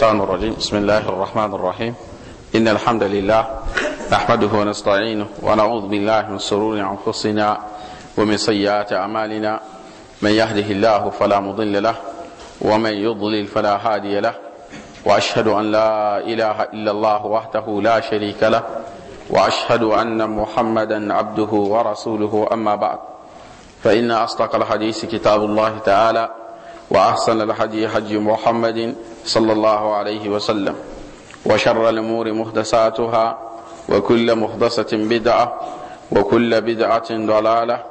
الشيطان الرجيم بسم الله الرحمن الرحيم إن الحمد لله نحمده ونستعينه ونعوذ بالله من شرور أنفسنا ومن سيئات أعمالنا من يهده الله فلا مضل له ومن يضلل فلا هادي له وأشهد أن لا إله إلا الله وحده لا شريك له وأشهد أن محمدا عبده ورسوله أما بعد فإن أصدق الحديث كتاب الله تعالى وأحسن الحديث حج محمد صلى الله عليه وسلم وشر الأمور مخدساتها وكل مخدسة بدعة وكل بدعة ضلالة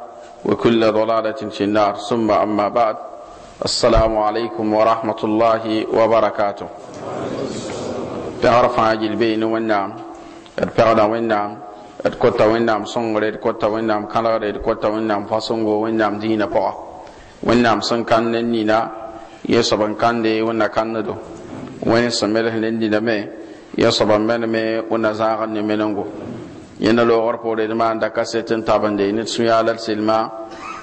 وكل ضلالة في النار ثم أما بعد السلام عليكم ورحمة الله وبركاته تعرف عاجل بين والنعم الفعل والنعم الكوتا والنعم صنغر الكوتا والنعم كالغر الكوتا والنعم فصنغو والنعم wẽnnaam fasõngo والنعم صنغر pʋga yẽsb n kãnde wẽnna kãnddo wẽnd sẽn mels rẽnd dĩdame yẽsb n menme wẽnna zãagd ne menengo yẽnda loogr poore d maan da kaset n tabende da sũ yaa la d selma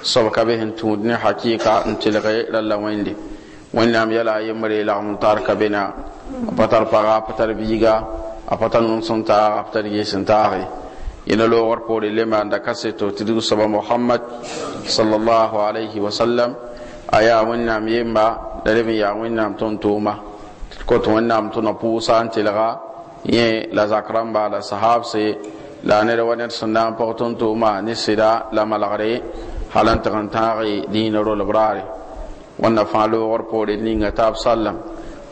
soab ka be sẽn tũud ne hakɩɩka n telge ralla wẽnde wẽnnaam yɛla a yembre lagm n tar ka bena a pa tar paga a pa tar biiga a pa tar nũn sẽn taag a pa tar yees n taage yẽnda loogr poore le maan da kaseto tɩ dug soaba mohamad sallallahu alaihi wasallam a yaa wẽnnaam yemba la leb n yaa wẽnnaam tõnd tooma tɩ kot wẽnnaam tʋna pʋʋsa n telga yẽ la zak rãmba la sahabse la ned wa ned sẽn na n pʋg tõnd tooma ne sɩda la malgre hal n tɩg n tãage dĩinã rolb raare wẽnna fãa loogr poore d ninga taab sallam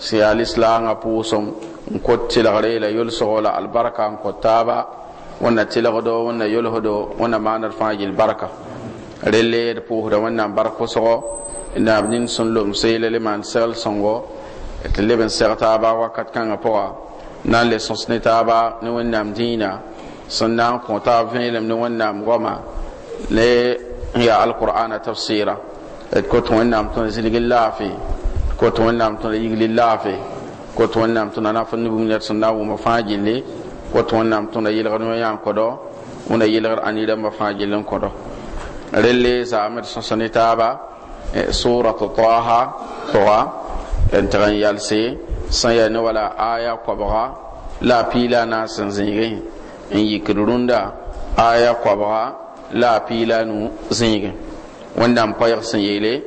sẽn yaa lislaangã pʋʋsem n kot tɩlgre la yolsgo la albarka n kot taaba wẽnna tɩlgdo wẽnna yolsdo wẽnna maand d fãa yel barka rel-leed er pʋʋsda wẽnnaam bark pʋsgo naab ning sẽn lomsa yeela le maan segl sõngo tɩ leb serta ba taaba wakat kan pʋga na le sons ne ta ba ne nam dina sun na ko ta vin le ne wẽnnaam nam goma le ya alquran tafsira et ko d kot wẽnnaam tõnd zĩlig laafɩ kot wẽnnaam tõnda yigli laafɩ kot nam tõnda na fo nubum ne sun na n wʋma fãa gilli kot nam tõnda yɩlgd wã yãn kõdɔ wẽna yɩlgd a nii dãmbã fãa gill n kõdɔ rel le zaamd sõsa ne ba Eh, surat taha pʋga n tɩg n yalse sẽn yaa ne wala aya kɔbga la a piila na n sẽn zĩige n yikd rũndã aya kɔbga la a piila nu zĩige wẽnnaam paɛg sẽn yeele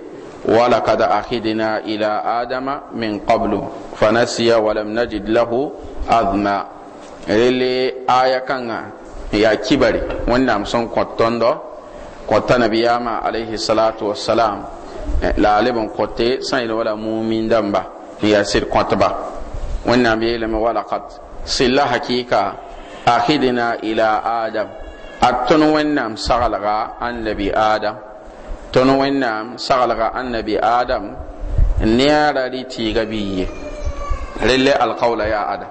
ولقد أخذنا إلى آدم من قبل فنسي ولم نجد له أذما للي آية كان يا كبري ونعم سن قطن دو قطن بياما عليه الصلاة والسلام la bon kote san wala mumin damba ya sir kwatba wannan bi ilmi wala qat silla hakika akhidina ila adam atun wannan sagalga annabi adam tun wannan sagalga annabi adam niya ri ti biye rille alqawla ya adam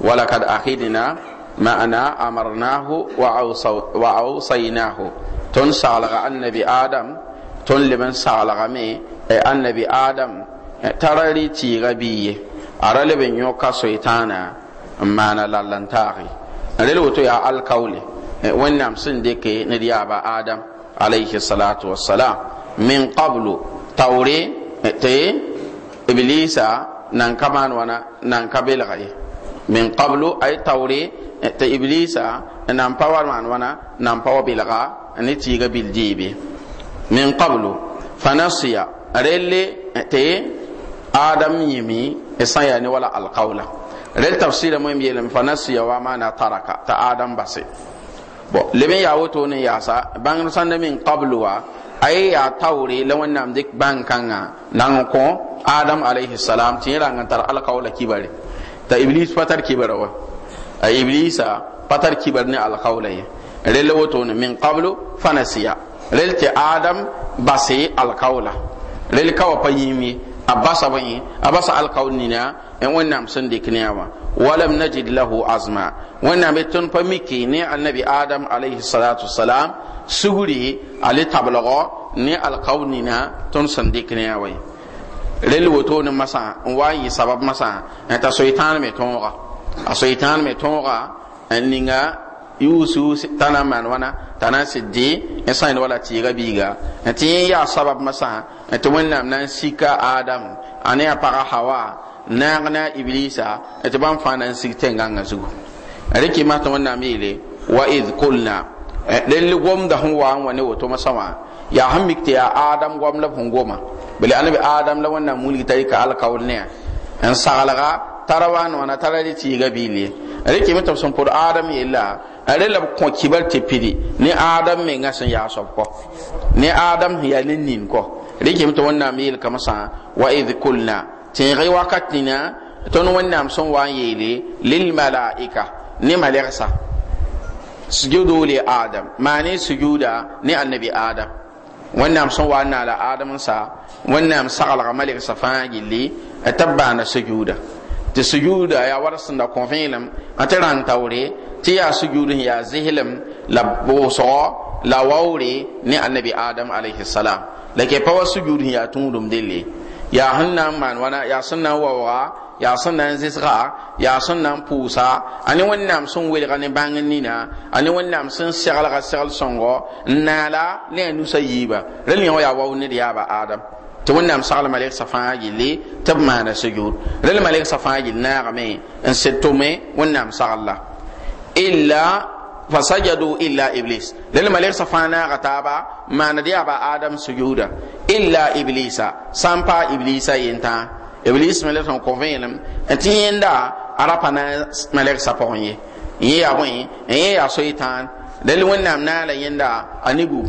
wala kad akhidina ma'ana amarnahu wa awsaynahu tun sagalga annabi adam Tun tõnd leb n saglgame e annabi adam e tara rɩ tɩɩga biiye a ra leb n yõka soɩtãana mana maana lall n taage rel woto yaa alkaole e wẽnnaam sẽn adam alayhi salatu wasalam min qablu taoore tɩ iblisa nan kama maan wana nan ka belga ye min qablu ay taure ta iblisa nan pa wa maan wana nan pa wa ni ne tɩɩga bil diibe min qablu fanasiya relle te adam yimi san ya ne wala alqawla rel tafsira mo mi yelam fanasiya wa mana taraka ta adam base bo leben ya woto ne ya sa bang sanda min qablu wa ay ya tawri la nam dik bang kanga nan ko adam alayhi salam tin rangan tar alqawla kibare ta iblis patar kibare wa a iblisa patar kibar ne alqawla ya rel woto ne min qablu fanasiya rel tɩ adam base alkaola rel ka wa pa yĩime a basa bõe a basa alkaol nina n wẽnnaam sẽn dɩk ne a wã walam najid lahu azma wẽnnaam y tõnd pa miki ne annabi adam alayhi salatu wasalam sugri a le tablgɔ ne alkaol nina tõnd sẽn dɩk ne a wa rel wotone masã n wa n yɩ sabab masã t'a soɩtãan me tõoga a soɩtãan me tõoga n ninga yusu tana man wana tana sidi en sain wala ti rabiga en ya sabab masa to wannan nan sika adam ane ya para hawa nagna iblisa to ban fanan sikten ganga zugo riki ma to wannan mile wa id qulna lalle gom da huwa wa wani wato masama ya hammikta ya adam gom la fungoma goma anabi adam la wannan muli tarika alkaul ne en sagalaga tarawan wana tarari ti ga bili rike mi tabson por adam illa are la ko kibal te pidi ni adam me ngasan ya sob ko ni adam ya nin ko rike mi to wonna mi kama sa wa id kulna ti ri wakatina ton wanna am son wa yele lil malaika ni malaika sujudu li adam mani sujuda ni annabi adam wẽnnaam sẽn wa n naala adm sa wẽnnaam saglga malg sã fãa gilli t'a na sujuda. Ti sujuda ya yaa da kõ a ti rãng taoore tɩ yaa sujuud sẽn yaa la boso la waure ni annabi adam alaihi salam la ke fawar wa ya tun yaa ya hannan yaa sẽn ya n maan ya sunan sẽn na n waooga yaa sẽn na n zɩsga yaa sẽn na n pʋʋsa a ne wẽnnaam ne nina ani ne sun sẽn seglga segl sõngo n ne nusa yiiba rel yẽ wã yaa wao ya ba adam tɩ wẽnnaam sagl maleksa fãa yelle tɩ b maana sujud rel maleksa fãa yill naagame n sɩd tʋme wẽnnaam saglla illa fasajadu illa iblis rel maleksa fãa naaga taaba maand adam sujuda illa iblisa sã iblisa iblis me la sẽn kõ vẽelem tɩ yẽnda a ra pa na maleksa pʋgẽ ye n yẽ ya bõe rel wẽnnaam naag la yẽnda a nigu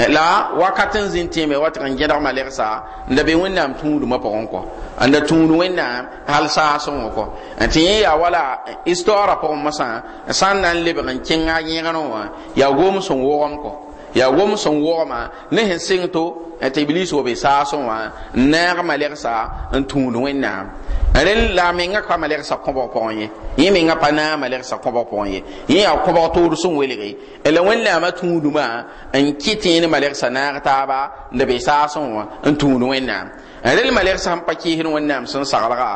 Eh, la wakatin zin teme wata kan gedar malersa da be wannan tundu mapon ko anda tundu wannan hal sa son ko antin eh, ya wala eh, istora pon masa san nan le ya gom son wo ko ya wom sẽn waoogma ne sẽn sɩng to tɩ iblis wa be saasẽ wã n naag malgsa n tũud wẽnnaam rẽl la a menga pa malgsa kõbg pʋgẽ ye yẽ menga pa naag malgsa kõbg pʋgẽ ye yẽ yaa kõbg toor sẽn welge la wẽnnaamã tũudumã n kɩ tẽen malgsa naag taaba la be saasẽ wã n tũud wẽnnaam rẽl malgsa sẽn pa kɩɩsd wẽnnaam sẽn saglga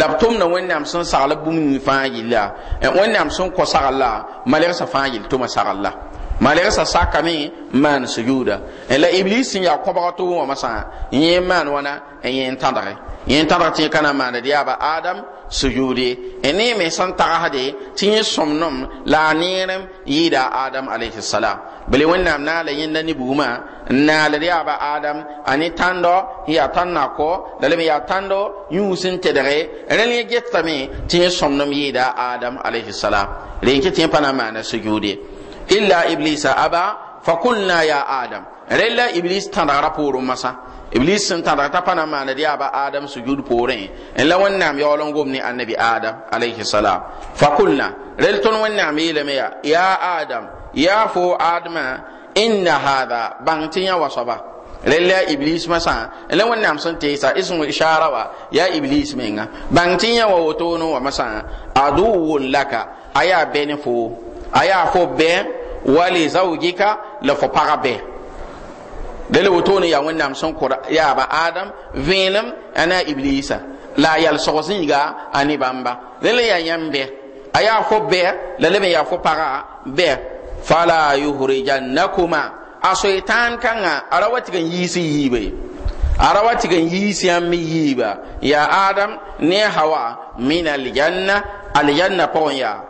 la b tʋmda wẽnnaam sẽn sagla bũmb fãa yilla wẽnnaam sẽn kõ saglla malgsa fãa yill tʋma saglla malgsa sakame n maan sujuuda la iblis sẽn yaa kõbga tɩ wã masã n yẽ n maan wãna n yẽ n tãdge yẽ n tãdg tɩ yẽ ka na n maanda d yaaba adam sujuude ne me sẽn tagsde tɩ yẽ la a neerem yɩɩda adam alaihisalam bele wẽnnaam naala yẽnda ne buumã n naal d adam a ne tãndo n yaa tãnd nako la lame yaa tãndo yũus n tedge rẽl yẽ getame tɩ yẽ sõmnem yɩɩda adam alaihisalam rẽn tɩ yẽ pa na n maana illa iblisa aba fa kulna ya adam rella iblis tandara porum masa iblis sun tandara ta pana mana dia ba adam sujud porin en la wannan ya olon gomni annabi adam alaihi salam fa kulna rel ton wannan mi le ya ya adam ya fo adama inna hadha bangtin ya wasaba rella iblis masa en la wannan sun te sa ismu ishara wa ya iblis menga bangtin ya wa wotono wa masa aduwwul laka aya benefo aya fo ben Wali zaugika zawjika la fo paga be dele wotoni ya son kura ya ba adam vinam ana iblisa la yal sozinga ani bamba ne bãmba dele yaa yambe. fo be la le ya fo paga be fala yuhrigannakuma a soɩtãan kãngã a ra wa tɩg a adam ne hawa min aljanna aljanna pon ya.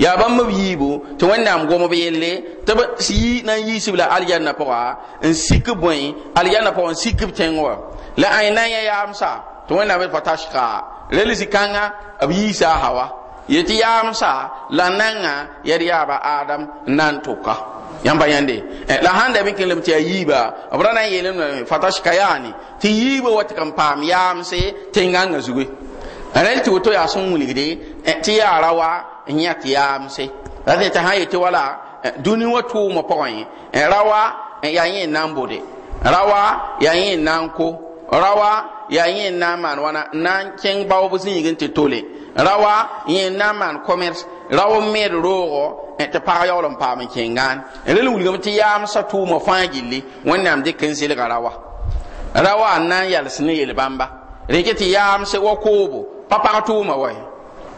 ya bãmb b yiibu tɩ wẽnnaam gomb yelle tɩ b yi na yi yiisb la aljanna pʋga n sik bõe aljanna pʋgã n sik b tẽng la ãn na n yã yaamsa tɩ wẽnnaam d pa taska rel zĩ-kãngã b yiisa a hawa yati yaamsa la nanga yad yaaba adam n na n tʋka yãmba yãnde la sãn da me kelem tɩ yaa yiiba b ra na n yeelem fa taska yaane tɩ yiiba wa tɩ k n paam yaamse tẽngãngã zuge rel tɩ woto yaa sẽn wilgde tɩ yaara wa n yãk yaamse la tɩ tɩ sã yetɩ wala dũni wã tʋʋmã pʋgẽ rawa yaa yẽ na n bode rawa yaa yẽ na n ko yaa yẽ na n maan wãna n na n kẽng zĩig n tɩ tole yẽ na n maan roogo tɩ pag yaool n paam n rel wilgame tɩ yaamsã tʋʋmã fãa gilli wẽnnaam dɩk n n na n yals ne yel bãmba rẽ yaamse wa koobo pa pag tʋʋmã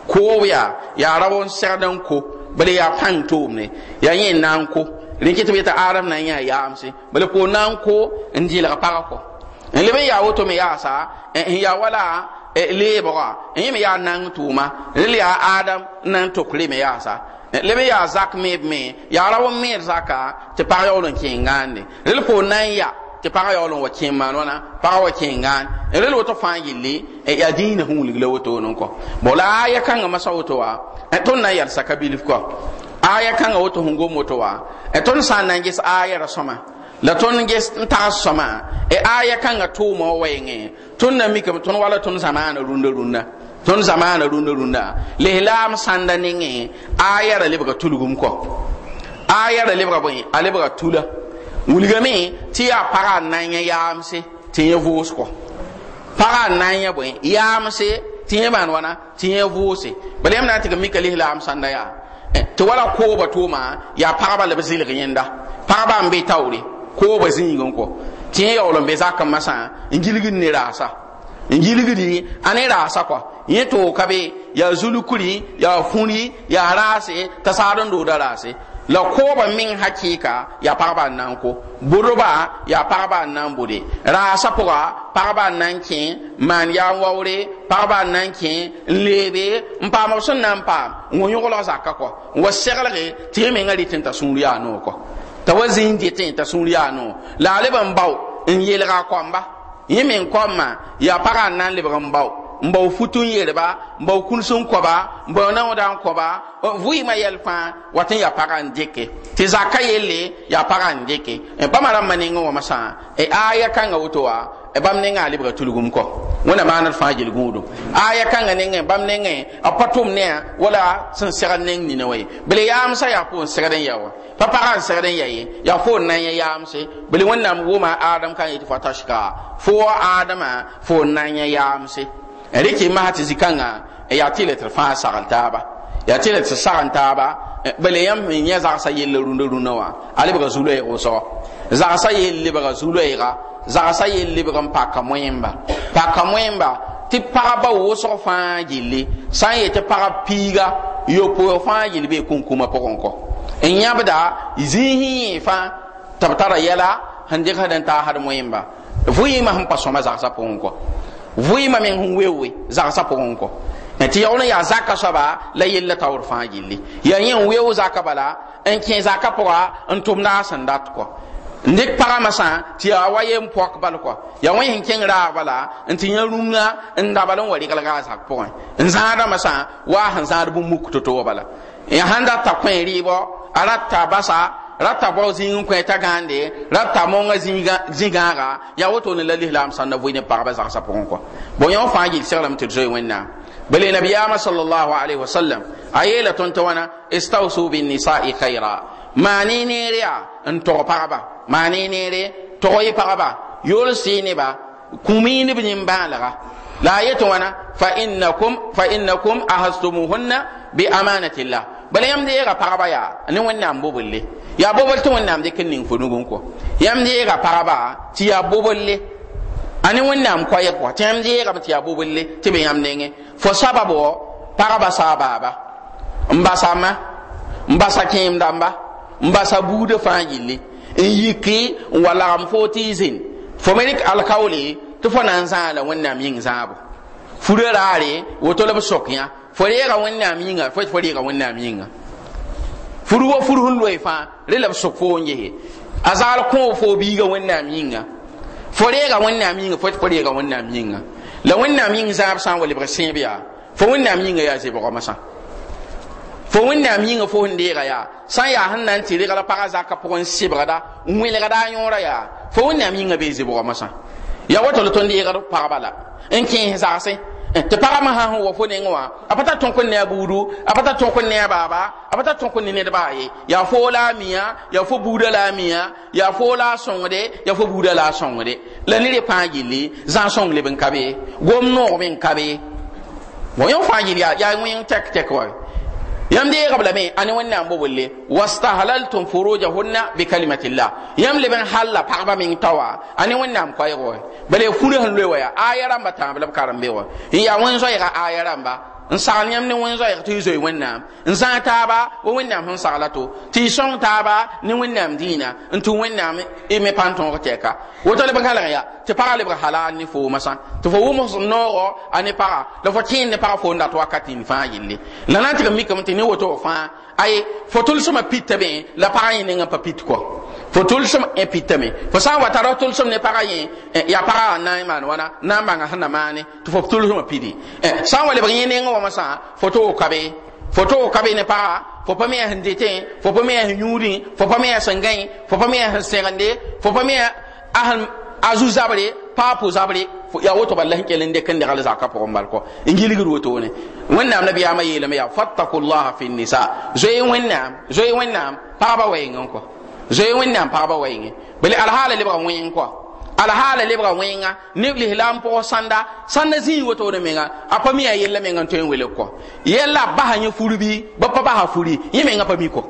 koog yaa yaa ra wun segd n ko bala yaa pãng toomne yaa yẽ na n ko rẽkɩ tɩ b yetɩ aadam na n yã yaamse bala koog na n ko n dɩlg pagã kɔ n leb n yaa woto me yaasa n yaa wala eh, leebga n yẽ me yaa nang tʋʋma rel yaa aadam n na n tokre me yaasa leb n yaa zak meeb me yaa ra wun meed zakã tɩ pag yaool n kẽng gãande rel koog na n ya tɩ pagã yaool n wa kẽem maan wãna pagã wa kẽengaan n e rel woto fãa yelle n e yaa dĩinã sẽn wilg la wotoon n kɔ bɔ la aaya kãngã masã woto wa tõnd na n yɛl saka bilf kɔ aaya kãngã woto sẽn gom woto wa tõnd sã n na n ges aaya ra sõma la tõnd ges n tags sõma aaya kãngã tʋʋma wa wɛɛngẽ Ton na e mikame tõnd wala ton zamana rũndã rũndã tõnd zamaana rũndã rũndã lislaam sãnda nengẽ aaya ra lebga tulgum kɔ aaya ra lebga bõe a lebga tula wilgame tɩ yaa pagã n na n yẽ yaamse tɩ yẽ vʋʋs kɔ pagã n ya n yẽ bõe yaamse wana, yẽ maan wãna tɩ yẽ vʋʋse bala yãmb na n tɩg mika to sãnda yaa eh, tɩ wala kooba tʋʋmã yaa pagba la b zɩlg yẽnda pagba n be ko ba zĩig n kɔ tɩ yẽ yaool n be zakam masa, n gilgd ne raasa n gilgdi a ne raasa kɔa yẽ tʋʋg ka ya zulukuri ya funi ya raase t'a do da dooda la kooba min hakika ya pagba n na ko budba ya pagba n na n bude raasa pʋga pagba n na n kẽ maan yaa waoore pagba n na n kẽ n leebe n paamb sẽn na n paam n wa yõglg zakã kɔ n wa seglge tɩ yẽ mengã rɩt n t'a sũur yaa noog kɔ t'a wa zĩig dɩtẽ t'a sũur yaa noog la a leb bao n yelga kɔmba yẽ meng kɔmma yaa pagã n na lebg n bao n bao futu n yerba n bao kũns n koba n bao naoda n koba vɩɩmã yɛl fãa wat n yaa pagã n dɩke tɩ zakã yelle yaa pagã n dɩke bãmba e, rãmbã nengẽ wãmbã sã aya kãngã woto wa e, bãmb nengã a lebga tulgum kɔ wẽna maana d fãa gel aya kãngã nengẽ bãmb nengẽ a pa tʋm ne wala sẽn segd neng nina wa ye bele yaamsã yaa ya segd n ya wa pa pagã n segd n ya ye yaa fo n na n yã yaamse bele wẽnnaam wʋma adam kã yetɩ fa tashka fo adama fo n na n yaamse rɩke masã tɩ zĩ-kãngã e yaa tɩ la fãa sagl taaba yaa tɩ la tɩ taaba e bala yãmb n yẽ zagsã yella rũndã rũndã wã a lebga zu-loɛɛg wʋsgɔ zagsã yell lebga zu-loɛɛga zagsã yell lebg n paka moẽmba paka moẽmba tɩ pagba wʋsg fãa gilli sã n yetɩ pagb piiga yopoog fãa gill bee kũnkũmã pʋgẽ kɔ n yãbda zĩisẽ yẽ fãa tɩ b tara yɛla sẽn dɩgsd n taasd moẽmba vʋɩɩmã sẽn pa sõma zagsã pʋgẽ kɔ vɩɩmã meng sẽn weooe zagsã pʋgẽ kɔ tɩ yaoor n zaka soaba la taoor fãa gilli yaa yẽ n bala n kẽ zaka pʋga n tʋmd a sẽn dat kɔ nek pagã tɩ yaa wa yem pɔk bal kɔ yaa wẽ sẽn kẽng raag bala n tɩ yã rũngã n da bal n wa rɩglga a zak pʋgẽ n waa sẽn zãad bũmb muk to bala yã sãn dat kõe rɩɩbɔ a t'a basa rabta bao zĩig n kõ ta gãande rabta maoongã zĩ zinga ya woto ne la lislaam sãn na vɩɩd n pagba zagsã pʋgẽ kɔ bõ yã fãa gil seglame tɩ d zoe wẽnnaam bele nabiyaamã sallallahu alaihi wasallam a la tõnd tɩ wãna istausu binnisa'i khaira maane neere yaa n tog pagba maane neere tog ye pagba yʋlsɩ neba kũmi neb nin-bãalga la a yetɩ wãna fa innakum ahastumuhunna bi amanatillah bala yãmb de yeega paraba ya ne wẽnnaam bobolle yaa bobl tɩ wẽnnaam dɩk n ning fo nugu n kɔ de yeega paraba tɩ yaa bobolle a ne wẽnnaam koɛɛg kɔ tɩ de yeegame tɩ yaa bobolle tɩ be yãmb nengẽ fo sabab paraba pagba saa baaba n basa ma n basa kẽem dãmba n basa buudã yiki n wa lagem fo tɩ y zen fo me dɩk alkaole tɩ fo na n zãa la wẽnnaam yĩng zãabo furã raare fo reega wẽnnaam yĩnga fo fo reega furu wo furu hun loe fãa rẽ la b n yese a zaal kõo foo biiga fo reega wẽnnaam yĩnga fo fo reega la wẽnnaam yĩng zãab sã wa lebg sẽeb yaa fo wẽnnaam yĩnga yaa zebgame sã fo wẽnnaam yĩnga fo sẽn deega yaa sã yaa sẽn na n tɩ regla pagã zakã pʋgẽ n sɩbgda n wẽlgda a yõorã yaa fo wẽnnaam yĩnga bee zebgame sã ya woto la tõnd deegd pagba la n kẽes zagse tɩ pagã masã sẽn wa fo neng wã a pata ta ne a pata a pa ta ne a baaba a pa ta tõk ne nedbã a ye la miya, ya fo buudã la miya, ya fo la a ya fo buudã la a sõngde la ned pãa gilli zãn sõng leb n ka be gom noog me n ka be bõ yõ fãa gill tɛk-tɛk wa yam de gabla me ani wannan bo bolle wastahlaltum furujahunna bi kalimatillah yam le ben halla parba min tawa ani wannan ko ayo bale furu han loya ayara mata bla karambe wa ya won so ya ayara ba n sagl yãmb ne wẽn zoɛɛg tɩ y zoe wẽnnaam n zã taaba wa wẽnnaam sẽn sagla to tɩ y sõng taaba ne wẽnnaam dĩinã n tɩ wẽnnaam me pãn tõog tɛka woto lebg halg ya tɩ pag lebg halaal ne foomã sã tɩ fo wʋms n noogo a ne paga la fo tẽen ne pagã foon dat wakatɩ n fãa yelle la na n tɩg mikame tɩ ne woto fãa aye fotul tʋlsmã pitame la pagã yẽ nga papit ko fotul fo tʋlsm fo sã n wa tara tʋlsm ne paray yẽ yaa pagã na n maan na n bãnga sẽn pidi sã wa lebg yẽ nengẽ wãmã sã fo tog kabe Foto kabe ne pagã fo pa mea sẽn detẽ fo pa mea sẽn fo pa mea sẽn fo pa mea fo pa pa po zabre ya woto wallahi kelen de kan de galza ka po mbal ingili gir woto ne wanna nabi ya mai lam ya fattakullaha fi nisa zoi wanna zoi wanna papa wayin ko zoi wanna papa wayin bali alhala libra wayin ko alhaala lebga wẽnga neb hilam po sanda sanda zi woto ne menga a pa mi ya yella menga n en wele ko yella ba a basa furbi ba papa ha furi yi menga pa mi ko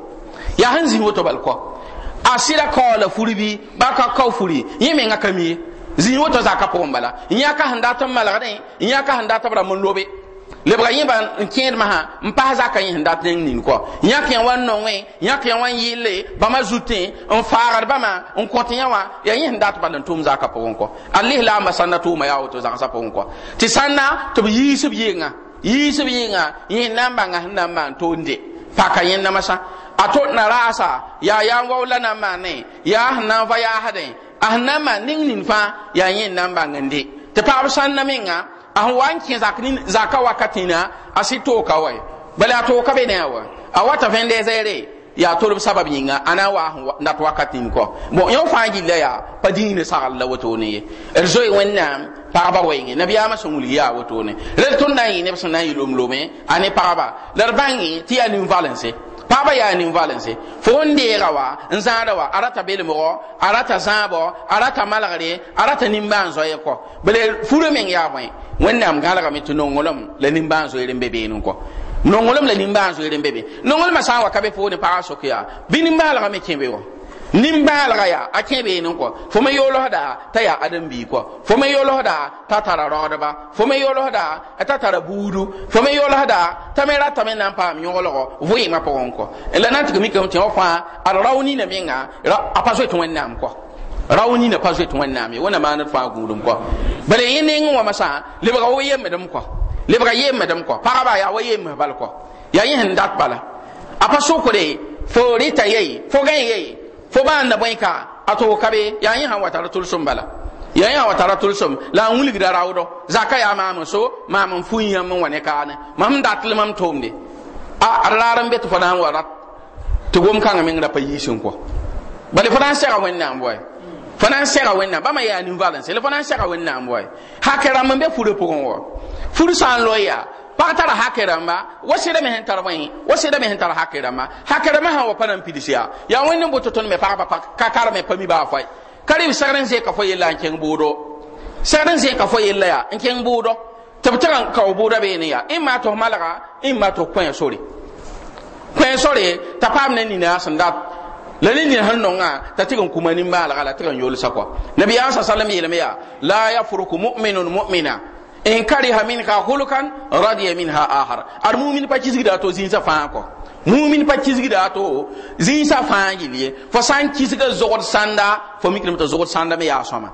ya hanzi woto bal asira a sɩda kaoola furbi ba ka ka furi yi menga ka mi zĩig woto zakã pʋgẽ bala n yã ka sẽn dat n malgdẽ n yã ka sẽn dat b mun lobe lebga yẽba n kẽed masã n paas zakã yẽ sẽn dat neng nin kɔ yãk yã wa n nongẽ yãk yã wa n yɩlle bãmba zutẽ n faagd bãmã n kõt yã wã yaa yẽ sẽn dat bala n tʋʋm zakã pʋgẽ kɔ a lislaambã sãn na tʋʋma yaa woto zagsã pʋgẽ kɔ tɩ sãn na tɩ b yiis b yɩngã yiis b yɩngã yẽ na n bãnga sẽn na n maan toonde paka yẽnnamasã a tʋd na raasa yaa yaa n wao la na n maanẽ yaa sẽn na n va yaasdẽ a na n maan ning nin fãa yaa yẽn na n bãngende tɩ paɣb na min a sẽn wa n kẽ zaka wakatĩna a sɩd kawai, bala a ka be ne a wa a wata vẽn-dɛɛzɛɛre yaa tolb sabab yĩnga a na n waa n kɔ bõn yõ fãa pa dĩinã sagl la wotone ye d zoe wẽnnaam pagba wɛɩngẽ nabiyaamã sẽn wilg yaa wotone la d tõnd na n yɩ neb sẽn na n yɩ lomlome a ne pagba la d pa ba ya nin valence fo wa rawa nzara wa arata belmo arata zabo arata malagre arata nimban zo ye ko bele furo men ya wen wennam galaga mitu nongolom la nimban zo yeren bebe nun ko nongolom la nimban zo yeren bebe nongolom sa wa kabe fo ne pa sokya binim balaga me kembe wo nimbaalga yaa a kẽ beene kɔ fo me yoolsda t'a yaa adem-bii kɔ fo me yoolsda t'a tara raodba fo me yoolsda t'a tara buudu fo me yoolsda t'a me ratame na n paam yõglgɔ vɩɩmã pʋgẽ kɔ la na n tɩg mikame tɩ wã fãa ad rao nina menga a pa zoe tɩ wẽnnaam kɔ rao nina pa zoe tɩ wẽnnaam ye wẽna maan d fãa gũudum kɔ bala yẽ neng wã masã lebga wa yembdem kɔ lebga yembdem kɔ pagba yaa wa yemsd bal kɔ yaa yẽ sẽn dat bala a pa sokre fo rɩta yeye fo gãe yeye fo ba bai ka a tog kabe yaa yẽ sãn wa tara tʋlsem bala ya ya wa tara tulsum la an wulgda rawdo zaka ya ma so ma mam fun wane ka ne ma mam datle mam tomde a raram bet fa nan warat to gom kan min da payisin ko bale fa nan sera wenna am boy fa nan sera wenna ba ma ya ni valence le fa nan sera wenna am boy hakera mam be fure pokon wo furu san loya pa tara hakiramba wasira me hen tarwai wasira me hen tar hakiramba hakiramba ha wa panan pidisiya ya wani boto ton me pa fa, ka kar me pami ba fai karim sagran se ka fo yella ken budo sagran se ka fo yella ya ken budo tabtara ka budo be ne ya ma to in ma to kwen sori kwen sori ta pam ne ni na sanda la ne ni han nonga ta tigon kuma ni malaga la tigon yol sakwa nabi ya sallallahu alaihi wasallam ya la yafruku mu'minun mu'mina in kariha ka hulukan radiya ha ahar ar mu'min pa da to sa fa ko mu'min pa da to sa fa ne fa san kisga zogor sanda fo mikrim to zogor sanda me ya soma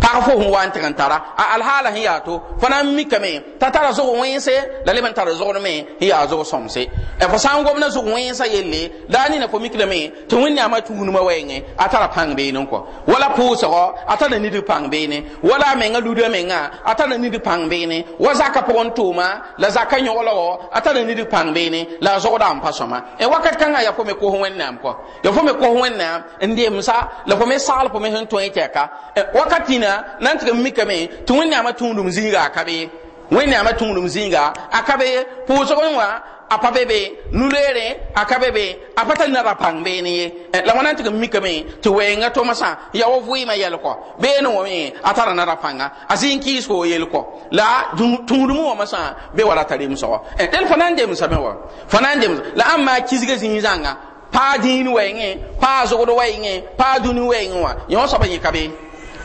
pag fo fn wa n tɩg n tara a alhaala sẽn yaa to fo na n kame t'a tara zog wẽnse la leb n tara zogd me n yaa zog sõmse fo sã n gomna zog wẽnsã yelle daa nina fo miklame tɩ wẽnnaamã tuunumã wɛɛngẽ a tara pãng beenen kɔ wala pʋʋsgɔ a tara nidg pãng beene wala a menga ludã menga a tara nidg pãng beene wa zakã pʋgẽ tʋʋma la zakã yõglgɔ a tara nidg pãng beene la a zogda n pa sõma wakat kãngã ya fo me kos wẽnnaam kɔ ya fo me kos wẽnnaam n deemsa la fo me sagl fo me sẽn tõe tɛka wakat tĩna ya nan tɩg mi mikame tɩ wẽnnaamã tũudum zĩiga a ka be wẽnnaamã tũudum zĩiga a kabe be pʋʋsg n wã a pa bebe nuleere a ka bebe a pa tall nara pãng beene ye la wã na n tɩg m mikame tɩ wɛɛngã tʋmsã ya wa vɩɩmã yɛlkɔ beene wame a tara nara pãnga a zĩn kiisko o yelkɔ la tũudumẽ wãmã sã be wa rata remsgɔ dẽl fa na n demsame wa fa na n dems la ãn maa kisga zĩig zãnga paa dĩin wɛɛngẽ paa zogd wɛɛngẽ paa dũni wɛɛngẽ wã yã wã soaba yẽka bee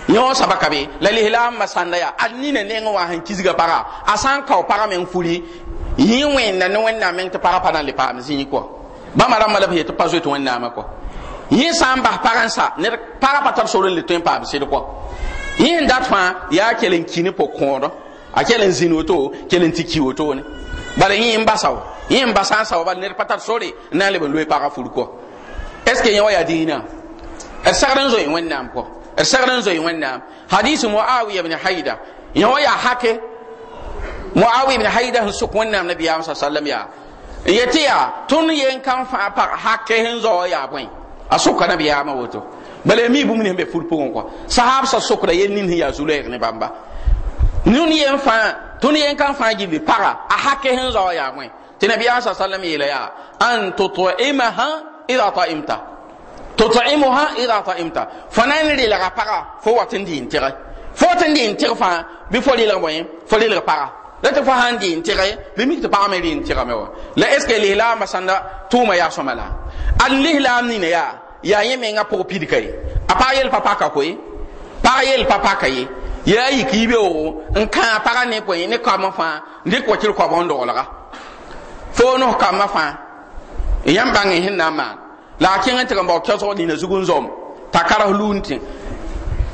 yõ sabaka be la lislaam masãnda yaa ad nina nengẽ wã sẽn kisga paga a sã n kao pagã meng furi yẽ wẽnda ne wẽnnaam meng tɩ pagã pa na n le paam zĩig kɔ bãmba rãmbã la b yetɩ pa zoe tɩ wẽnnaamã kɔ yẽ sã n bas pagã n sa ned pagã pa tar sor n le tõe n paam sɩd kɔ yẽ n dat fãa yaa kell n ki ne pʋg-kõodõ a kell n zĩn woto kell n tɩ ki wotone bala yẽ n basa wa yẽ n basã n sa wa bala ned pa tar sore n na n leb n loe pagã fur kɔ est ce que yẽ wa yaa diinã d segd n zoe wẽnnaam kɔ رسغل زوي وين نام حديث معاويه بن حيده يو يا حكي معاويه بن حيده سوق وين نام النبي صلى الله عليه وسلم يا يتيا تون ين كان فا باك حكي هن زو يا بوين اسوق النبي يا موتو بل مي بو من بفول بون كو صحاب سوق لا ينين يا زولير ني بامبا نون ين فا تون ين كان فا جي بي باك حكي هن زو يا بوين تنبي صلى الله عليه وسلم يا ان تطعمها اذا طعمتها تطعمها إذا طعمت فنين لي لغا فرا فواتن دين تري فواتن دين تري فان بفولي لغوين فولي لغا فرا لا تفهم دين تري بميك تبعم دين تري ميو لا إسك الهلا مسند توم يا شمالا الهلا منين يا يا يمين أبو بيدكي أبايل بابا كوي بايل بابا كي يا يكيبو إن كان فرا نبوي نكام فان نكوتير كابون دولا فونو كام فان يام بانه هنا مان la kẽng n tɩg n bao kɛsg nina zugu zom t'a karas luun tẽ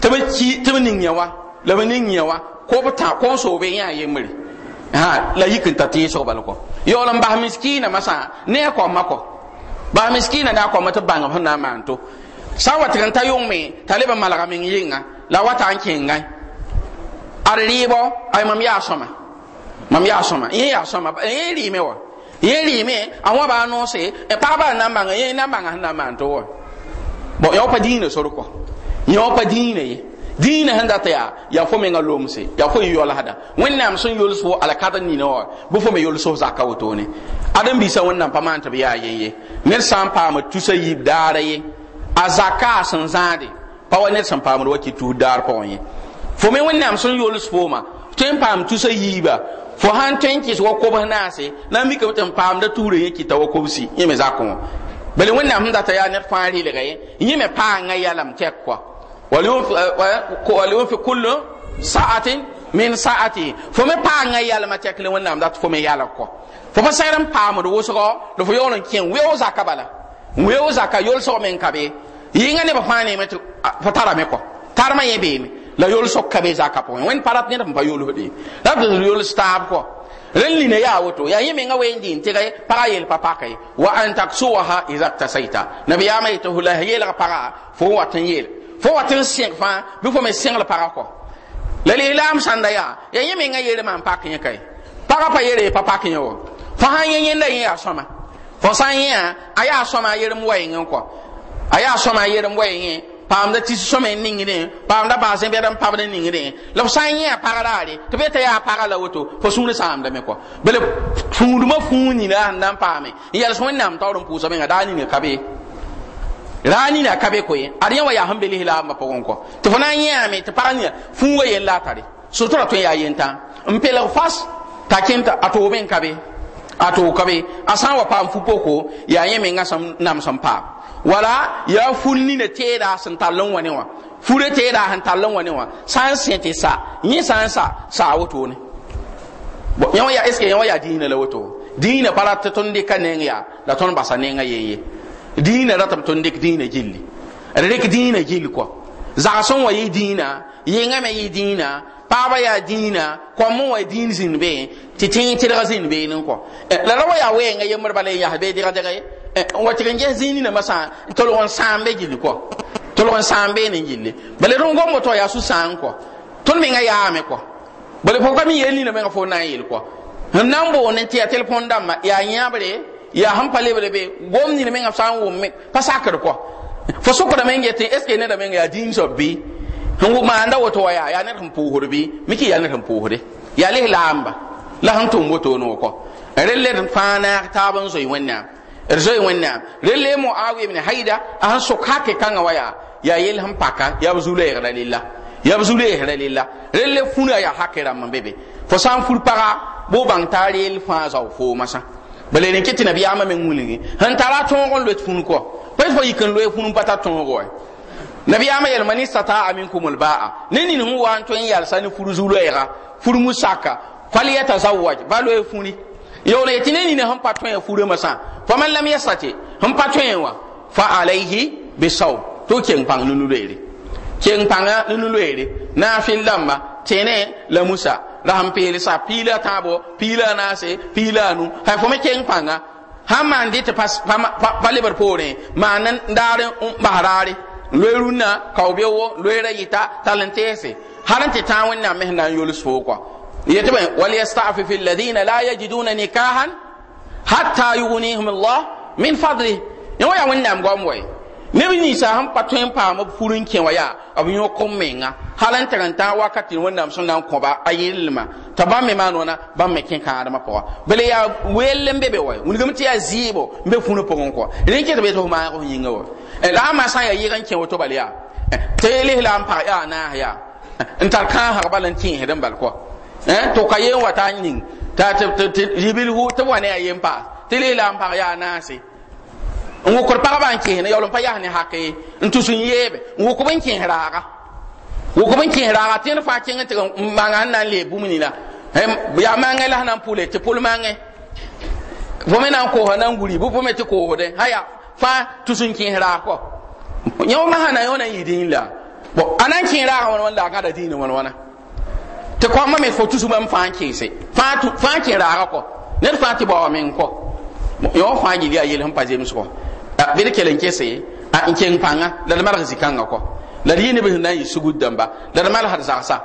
tɩ b ki tɩ b ning yã wa la b ning yã wa ko b tã ko n soobe yã yembre la yik n ta teesg bal kɔ yaool n bas miskiinã masã ne a kɔma kɔ bas miskiinã daa kɔma tɩ bãng b sẽn na n maan to sã n wa tɩg n ta yʋngme t'a leb n malga meng yɩnga la wa t'a n kẽnga ad rɩɩbɔ ay mam yaa sõma mam yaa sõma yẽ yaa sõma yẽ rɩɩme wa ye yeli me awon ba no se e pa ba na manga ye na manga na man to bo yo pa dine so ko yo pa dine ye dine handa ta ya ya fo me lomse, se ya fo yo la hada wennam sun yol so ala kata ni no bu fo me yol so zakka woto ne adam bi sa wonnam pa man ta biya ye ye ne san pa ma tusa yi daara ye a azaka san zade pa wa ne san pa ma waki tu daar pa ye fo me wennam sun yol so ma tem pa tusa yi ba fo han tẽn kɩs wakobs naase na n mikame tɩ n paamda tuurã yẽ kɩta wakobsi yẽ me zakẽ wã bele wẽnnaam sẽn data yaa ned fãa rɩlga ye yẽ me paangã yɛlame tɛk kɔa fi kullu sa'atin min sa'ati fo me paangã yɛlma tɛk le wẽnnaam dat fo me yalg kɔ fo pa segd n paamd wʋsgɔ la fo yaool n kẽ weo zakã bala weo zakã yolsg me n ah, ka be yɩngã nebã fãa neeme tɩ fo tarame kɔ tarmã yẽ beeme la yol sokka be zaka po wen parat ne pa yol hodi la de yol stab ko ren li ne ya woto ya yeme nga wendi inte kay para yel papa kay wa an taksuha idza tasaita nabi ya mai to la yel para fo watan yel fo watan sing fa bi fo me sing la para ko la li lam sanda ya ya yeme nga yel man pak ne kay para pa yel e papa kay wo fa han yen la yen ya soma fo san yen aya soma yel mu wa yen ko aya yel mu wa yen paamda tɩ sõme n ningdẽ paamda bãas n bɩd n pabd ningdẽ la b sã n yẽa pagraare tɩ b yeta yaa paga la woto fo sũur sãamdame kɔ bele fũudmã fũu nina sẽn da n paame n yɛls wẽnnaam taoor n pʋʋsa menga daa ni ka be raa nina ka be koe ad yẽ wa yaa sẽn be lislaambã pʋgẽ kɔ tɩ fo na n yẽame tɩ pag nina fũu wa yen latare surtout ra tõe yaa yentã n pelg fas t'a kẽnta a toobe n ka be a toog ka be a sã n wa paam fu poko yaa yẽ mengã nam sẽn paam wala ya funni ne teeda san tallon wani wa fure teeda han tallon wani wa san sente sa ni san sa sa wato ne bo yawa ya eske yawa ya dina la woto dina ta ton de kanen ya la ton basa ne nga yeye dina ratam ton de dina jilli rek dina jilli ko za son wa yi dina yi nga yi dina paaba ya diinã ko n wa din zin be titin tẽng tɩdg zĩnd bee eh, la ra wa ngaye wɛɛngã yembr bala n yas bee dɩgdɩga Eh, wa tɩg n ges zĩig ninã masã tolg n sãam be gilli kɔ tolg n sãam beene n gilli bala rõn gom woto yaa sũ-sãam kɔ tõnd mengã yaame kɔ bala fo ka mi yeel na mengã fo na n yel kɔ n na n boond n tɩ ya telefõn dãmba yaa yãbre yaa sẽn pa lebre be gom nin mengã sã n wʋm pa sakr kɔ fo sʋkdame n eske ne da me ngaya din so bi bɩ ma anda wo to ya ya ne kan pʋʋsd hurbi mi tɩ yaa ned sẽn pʋʋsde yaa les laamba la sẽn tʋm wotoone wã kɔ rel led fãa naag taab n zoe wẽnnaam rzoy wẽnnaam rel mo awi ibn haida an sẽn sok hake waya, ya yaa yaa yell paka yaa b ya la yegra lilla yaa b zu-la yegra lilla rel le fũra yaa hake rãmb n be be fo sã n fur bo boo bãng taar yell fãa zao foomasã bala ne kɩ tɩ nabiyaamã me wilge sẽn tara a tõog n loet fũn kɔ pa fo yik n loe fũn pa ta tõog wa nabiyaamã yelma ne sataa minkum lbaa ne nin sẽn wa n tõe n yalsa ne fur zu-loɛɛga fur musaka falyatazawaj ba loe fũri yaoole tɩ ne nina sẽn pa tõe a furã masã faman lam yastati hum pa wa fa alayhi bisaw to ken pang lulu leere ken panga lulu leere na fin lamba tene la musa raham pele sa pila tabo pila nase pila nu hay fo me ken panga hamman dit pas pa lebar pore manan dare na loeruna kawbewo loera yita talentese harante tawon na mehna yolus fo yete ben wal yastafi fil ladina la yajiduna nikahan hatta yughnihim Allah min fadli ne wa ya wannam gom wai ne bi ni sa han patwen pa ma furun ken wa ya abu yo kom menga halan taranta wakati wannam sun nan ko ba ayilma taban me manona ban me ken kan adama po bele ya welle mbebe wai mun gum ti ya zibo mbe funu po ko rinke to be to ma ko yinga wa e, la ma sa ya yiran ken wato bale ya e, tele la am pa ya na ya e, ntar kan har balan kin hedan bal ko eh to kayen wata nin ta jibil hu tɩ b wa ne a yen pa tɩ leela n pag yaa naase n wʋkr pagba n kẽsne yaool n pa yas ne hake n tus n yeebe n wʋkb n kẽs raaga wʋkb n kẽs raaga tẽnd fãa kẽng tɩg maŋa n na n lee bũmb nina yaa maŋẽ la sẽn na n pʋle tɩ pʋl maŋẽ fo me na n koosa na guri bɩ fo me tɩ koosdẽ aya fãa tus n kẽs raag kɔ yẽ wã sã na yõ na yɩ dĩin la a na n kẽs raaga wãn wãn la a gãda dĩinã wãn wãna tɩ ma me fo tusu bãmb fãa n kẽese fãa n kẽ raaga kɔ ned fãa tɩ baoa meng kɔ yã wa fãa gilg a yel sẽn pa zemsgɔ bɩd kell n kese n keng pãnga la d malg zĩ-kãngã kɔ la d yɩ neb sẽn na n yɩ sugud dãmba la d malsd zagsa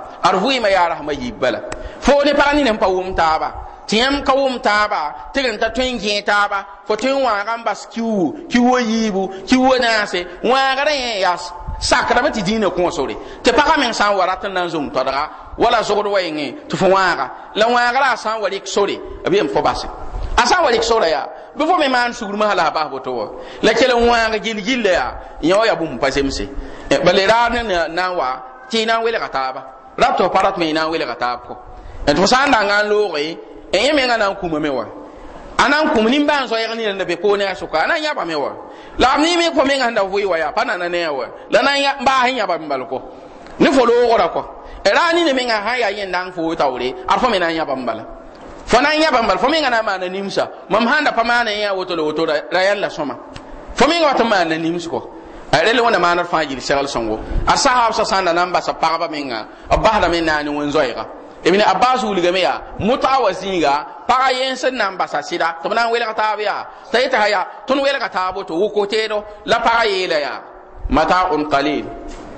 yi ma yaa rasmã yi bala fo ne pag ni ne pa wʋm taaba tɩ yãmb ka wʋm taaba tɩg n ta tõe n gẽ taaba fo tõe n wãaga n bas kiu kiu wa yiibu kiu wa naase wãagdã yẽ yaa sakrame tɩ dĩinã kõosore tɩ pagã meng sã n wa rat n na n zong todga wala zogd wa yẽngẽ tɩ fo wãaga la wãaga la a sã n wa rɩk sore b yem fo basi, a sã n wa rɩk sora yaa bɩ fo me maan sugr masã la a bas boto wa la kell n wãag gill ya yaa yã wa yaa bũmb pa zemse bala raar ne na n wa tɩ y na n welga taaba rab tɩ fo pa rat me y na n welga taab kɔ eh, tɩ fo sã n dãnga n looge eh, n yẽ mengã kuma me wa anan kuma n kũm nimbãan zoɛɛg nina da be poone a sʋka a na n yãba me wa la ni nii me kõ mengã sẽn da vɩɩ wa yaa pa nana ne a wa la na n baas n yãba n bal kɔ ne fo loogra kɔ rani ne menga ha ya yin dan fo tawre arfa mena ya bambala fo na ya bambala fo menga na ma na nimsa mam handa pa ma na ya woto woto rayan la soma fo menga wata ma na nims ko rele wona ma na fa jil shagal songo asahab sa sanda nan ba sa paraba menga abahda men na ni won zoira ibn abbas wulga meya mutawazinga paga yensen nan sa sida to nan welga tabiya tayta haya tun welga tabo to wuko tedo la paga yela ya mata'un qalil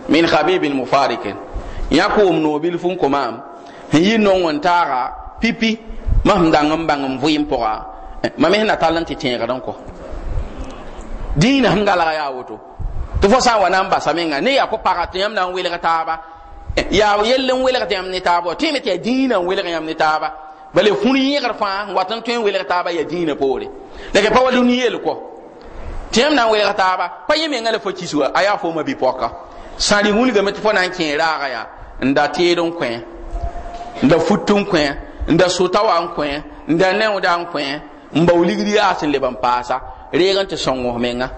min khabibin mufarikin ya koom noobil fun koma n yi non wan taara pipi ma sẽn dang n bãng n vɩɩm pʋga eh, ma me sẽn na tall n tɩ tẽegd n kɔ dĩinã sẽn galga woto tɩ fo sã wa na n basa menga ne yaa kõ paga tɩ yãmb na n welg taaba eh, yaa yell n welg tɩ yãmb ne taaba tẽeme tɩ yaa dĩinã n welg yãmb ne taaba Ba fũr yẽgr yi n fa watan tõe wele welg taaba ya dĩinã poore la pa wa lũn yeel kɔ tɩ yãmb na n welg taaba pa yi menga la fo kis wa a yaa fooma bipɔka sari wilgame ga fo na n kẽe raaga yaa n da nda n kõ nda da fut nda kõ n da sota wa n kõ n da nẽoda n kõ n bao ligd yaa sẽn leb n paasa reeg n tɩ sõng wos menga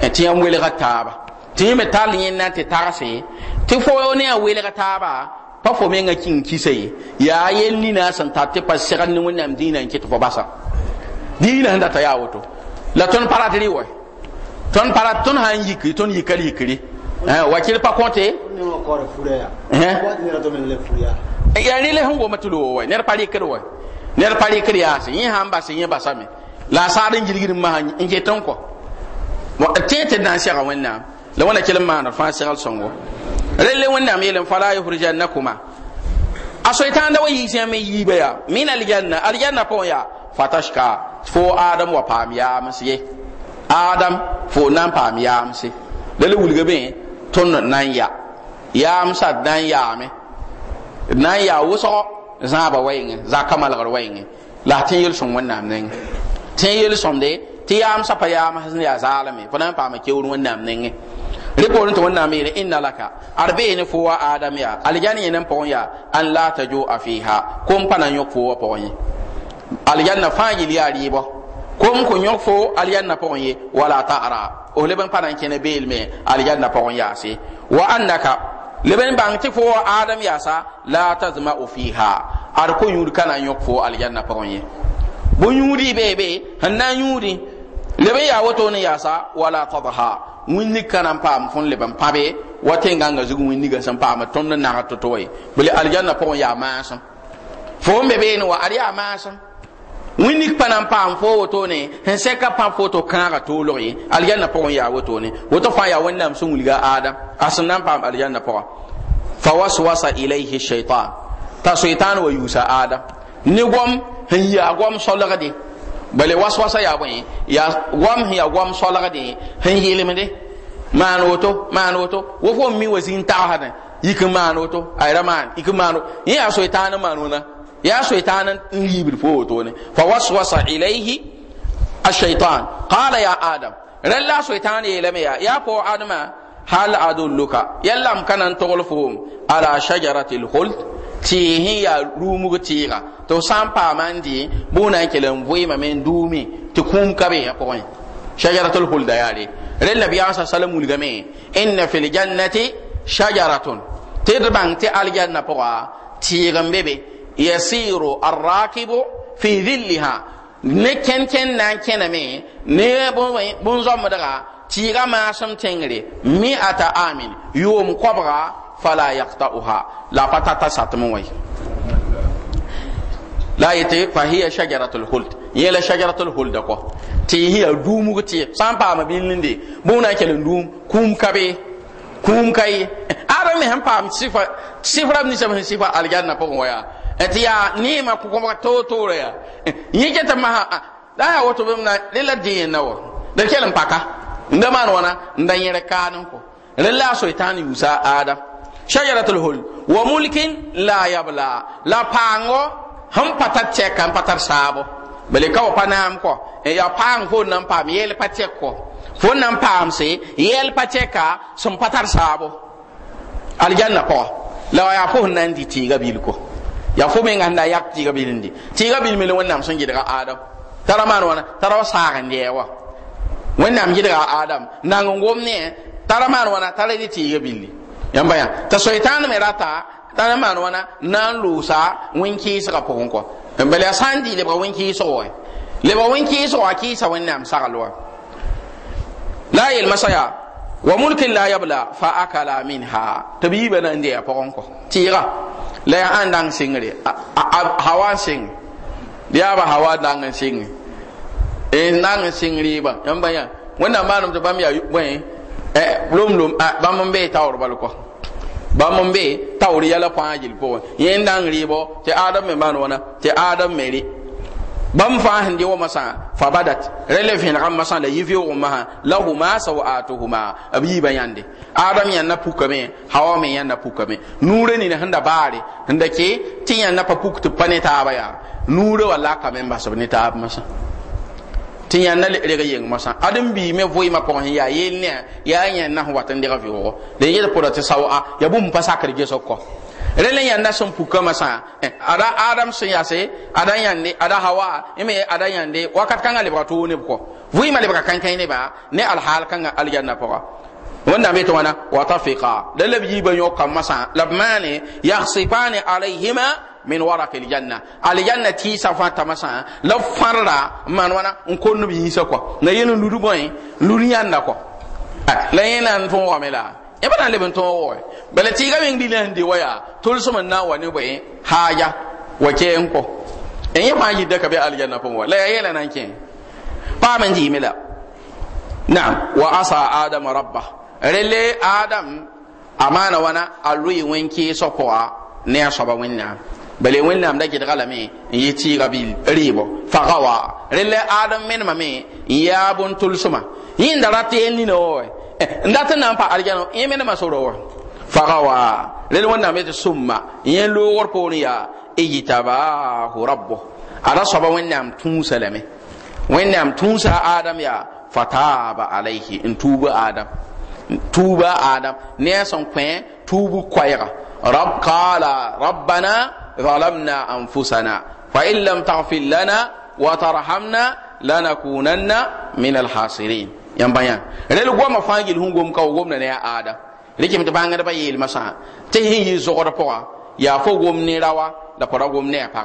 e tɩ yãmb welga taaba tɩ ti me tall yẽnna n tɩ tagse tɩ fo ne a welga taaba pa fo menga kin kisa ye yaa yel ni na san ta pa segd ne ni dĩinã n ke tɩ basa di sẽn data yaa ta la tõnd la rat rɩ wɛ tõnd pa rat tõnd sã n yikri tõnd yikal yikri Eh, wakil pa konte ya eh? ni le hongo matulu wa ne pali kedo wa ner pali kedo ya si yin hamba si yin basami. la sarin jirgin ma in je ton ko wa tete dan shi ga wannan la wala kelma na fa sigal songo rele wannan na fala yuhrijannakuma asoitan da wayi sai mai yibe ya min aljanna aljanna po ya fatashka fo adam wa pam ya msiye adam fo nan pam ya msi lele wulgabe tõnd n na ya, ya yaam sad na n yaame d na n yaa wʋsgɔ zãaba wɛɩngẽ zakã malgr wɛɩngẽ la tɩ n yel sõm wẽnnaam nengẽ tɩ n yel sõmde tɩ ya sapa yaam ya yaa zaalme fo na n paama keoor wẽnnaam nengẽ rẽ poorẽ tɩ wẽnnaam yeele ĩnna laka ad beene fo wa adam yaa algan yẽ nan pʋgẽ yaa an la ta jo a fiiha kom pa na n yõk fo wã pʋgẽ ye alganna fãa yel kom ko yõk fo alganna pʋgẽ ye wala ara. o leb n pa na me kẽne beelme aljanna pʋgẽ yaase wa annaka leb n bãng ti fo adam yaasa la tazma'u fiha ar ko yuri kana yok fo al fo pa on ye bo yuri be-be, na n yũudi leb n yaa wotone yaasa wala tadha wĩnnig ka na fon paam fõn leb n pãbe wa tẽngãngã zug wĩnniga sẽn paam tõnd n nagd to-to ye bele aljanna pʋgẽ yaa fo n be beene wa ad yaa san wẽnnik pa na n paam fo wotone sẽn sɛka pã foto kãaga toolg aljanna pʋgẽ yaa woto fãa yaa wẽnnaam sẽn wilga adam a sẽn na n paam aljanna pʋga fa waswasa ilayhi shaitan t'a soɩtãan wa yuusa adam ne gom sẽn yaa gom solgde bale waswasa yaa bõe yaa gom sẽn yaa gom solgde sẽn yɩlmde maan woto maan woto wo fo mi wa ta tagsdẽ yik woto ayra maan yik n maan يا شيطان نجيب الفوتون فوسوس إليه الشيطان قال يا آدم رلا شيطان يلميا يا بو آدم هل أدلك يلم كان تغلفهم على شجرة الخلد تيهي يا رومو تيغا تو سامبا ماندي بونا كلم ويما من دومي تكون كبي يا بوين شجرة الخلد لي رلا بياسا سلمو الجميع إن في الجنة شجرة تدبان تي الجنة بوا تيغا بيبي يسير الراكب في ذلها نكن كن نان كن مي ني بون زوم دغا تيغا ما سم تينغري مي اتا امين يوم كبرا فلا يقطعها لا فتت ساتموي لا يتي فهي شجرة الخلد يلا شجرة الخلد كو تي هي دومو تي سان با بام بيلندي بونا كلن دوم كوم كبي كوم كاي ارمي هم بام سيفا صفه ابن سبن صفه الجنه بون ويا ti ya ni ma ku kuma to to re ya yi ke ta ma ah, ah, da ya wato bim na lilla din na wa da kelan paka nda man wana nda yere kanin ko lilla shaytan yusa adam shajaratul hul wa mulkin la yabla la pango han patat che han patar sabo bale ka wa panam ko e ya pang ho nan pam yel pache ko fo nan pam se yel pache ka sun patar sabo aljanna ko la ya ko nan di ti ga bil ko ya fo me nganda yak ti ga bilindi ti ga bil mele wonnam son gidra adam tara man wana tara sagan de wa wonnam gidra adam nango ngomne tara man wana tara di ti ga billi yamba ya ta shaytan me rata tara man wana nan lusa winki saka pokon ko bele asandi le ba winki so wa le ba winki so wa ki sa wonnam sagalwa la yel masaya wa mulkin la yabla fa akala minha tabiba nan de ya pokon ko tira la ya an dang singre hawa sing dia eh, ba hawa dang sing e nang singri ba yan ba ya wannan ma nam to bam ya wen e lum lum ba mun be tawr bal ko ba mun be tawr ya la pa jil ko yin dang bo te adam me man wona te adam me ri bam fa han di wo masa fa badat relevin ram masa la yivi wo ma lahuma sawatuhuma abi bayande adam yãn na pukame hawa me yãn na pukame nuurã nin sẽn da baare sẽn da ke tɩ yãn na pa puk tɩ pa ne taaba yaa nuurã wa laka me n basb ne taab masã tɩ yãn na reg yeng masã adem bii me vɩɩmã pʋgẽ sẽn yaa yeel ya yaa yãn na sẽn wat n deg vɩoogo la yel pʋda tɩ sawa yaa bũmb pa sakd gesg kɔ rẽla yãn na sẽn puka masã eh, ada adam sẽn yase ada yãnde ada hawa e me ada yãnde wakat kãngã lebga toog neb kɔ vɩɩmã lebga kãn-kãe nebã ne alhaal kãngã aljanna pʋga wẽnnaam yetɩ wãna wa tafika la la b yiibã yõk masã la b maane yaxsifani min waraki aljanna aljanna tiisã fãa tama sã la fãrra n wãna n kond b yĩnsã kɔa la yel n lud bõe yãnda kɔ la yẽna n tõog wame la yẽ pa na n leb n tõog wɛ bala tɩɩga meng rɩ la n de wa yaa tʋlsem n na wa ne bõe haaja wa kɛɛ n kɔ yẽ fãa aljanna pʋgẽ wa la yaa yɛla kẽ paam n dɩɩme la naam wa asa adama rabbah rele adam amana wana alui wenki sokoa ne asoba wenna bale wenna amda gɩdga lame me yɩ tɩɩga bil rɩɩbɔ faga wa adam menema mame ya buntul suma tʋlsma yẽnda enni no nina eh, ndata nan n dat n na n pa argãno yẽ menema soro wa faga wa rẽl wẽnnaam ni ya? yẽ loogr poor yaa ijtabahu rabbo ada soaba wẽnnaam wenna am wẽnnaam tũusa adam ya? fataba alayhi intuba adam tuuba adam ne a sẽn kõ tuubu koɛɛga rab qaala rabbana ظلمنا أنفسنا فإن لم تغفر لنا وترحمنا لنكونن من الخاسرين yan bayan rel goma fangil hun gom ka gom ne ada rike mit banga da bayil masa te hin yi zo da ya fo gom ne rawa da pora gom ne pa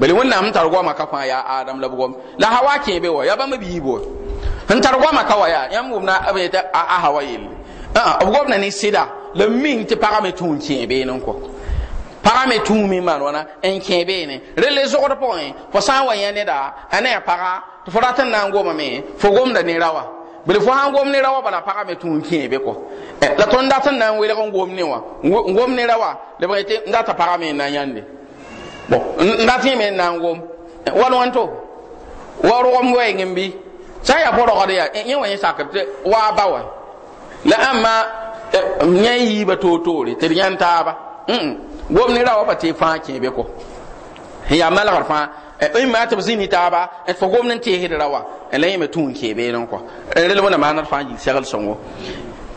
bali wannan mun tar goma ka fa ya adam la gom la hawa ke be wa ya ba mabi bo n tar goama ka wa yaa yãmb wʋmna b yeta a ha wa yelle b gomna ne sɩda la ming tɩ pagame tũum kẽe beene n kɔ pagame tũumi n maan wãna n kẽ beene rele zogd pʋgẽ fo sã n wa yã neda a ne a paga tɩ fo rat e, n na n gomame fo gomda ne rawa bele fo sãn gom ne rawa wa bala pagame tũum kẽe be kɔ la tõnd dat n na n welg n gom ne wã n gom ne ra wa lebg tɩ n data pagame n na yãnde n dat yẽ me n na n gom e, wa lõn to wa rʋgem wɛɛng n bɩ sã n yaa bõrgd yaa yẽ wã yẽ sakb tɩ waa ba wa la ãmma yẽ yiiba toor-toore tɩ d yãn taaba gom ne ra wa pa tɩ fãa kẽebe kɔ n yaa malgr fãa n maa tɩ b zĩ ni taaba n fo gomd n teesd ra wa la yẽ me tũun keebeenen kɔ rel wẽna maanad fãa yil segl sõngo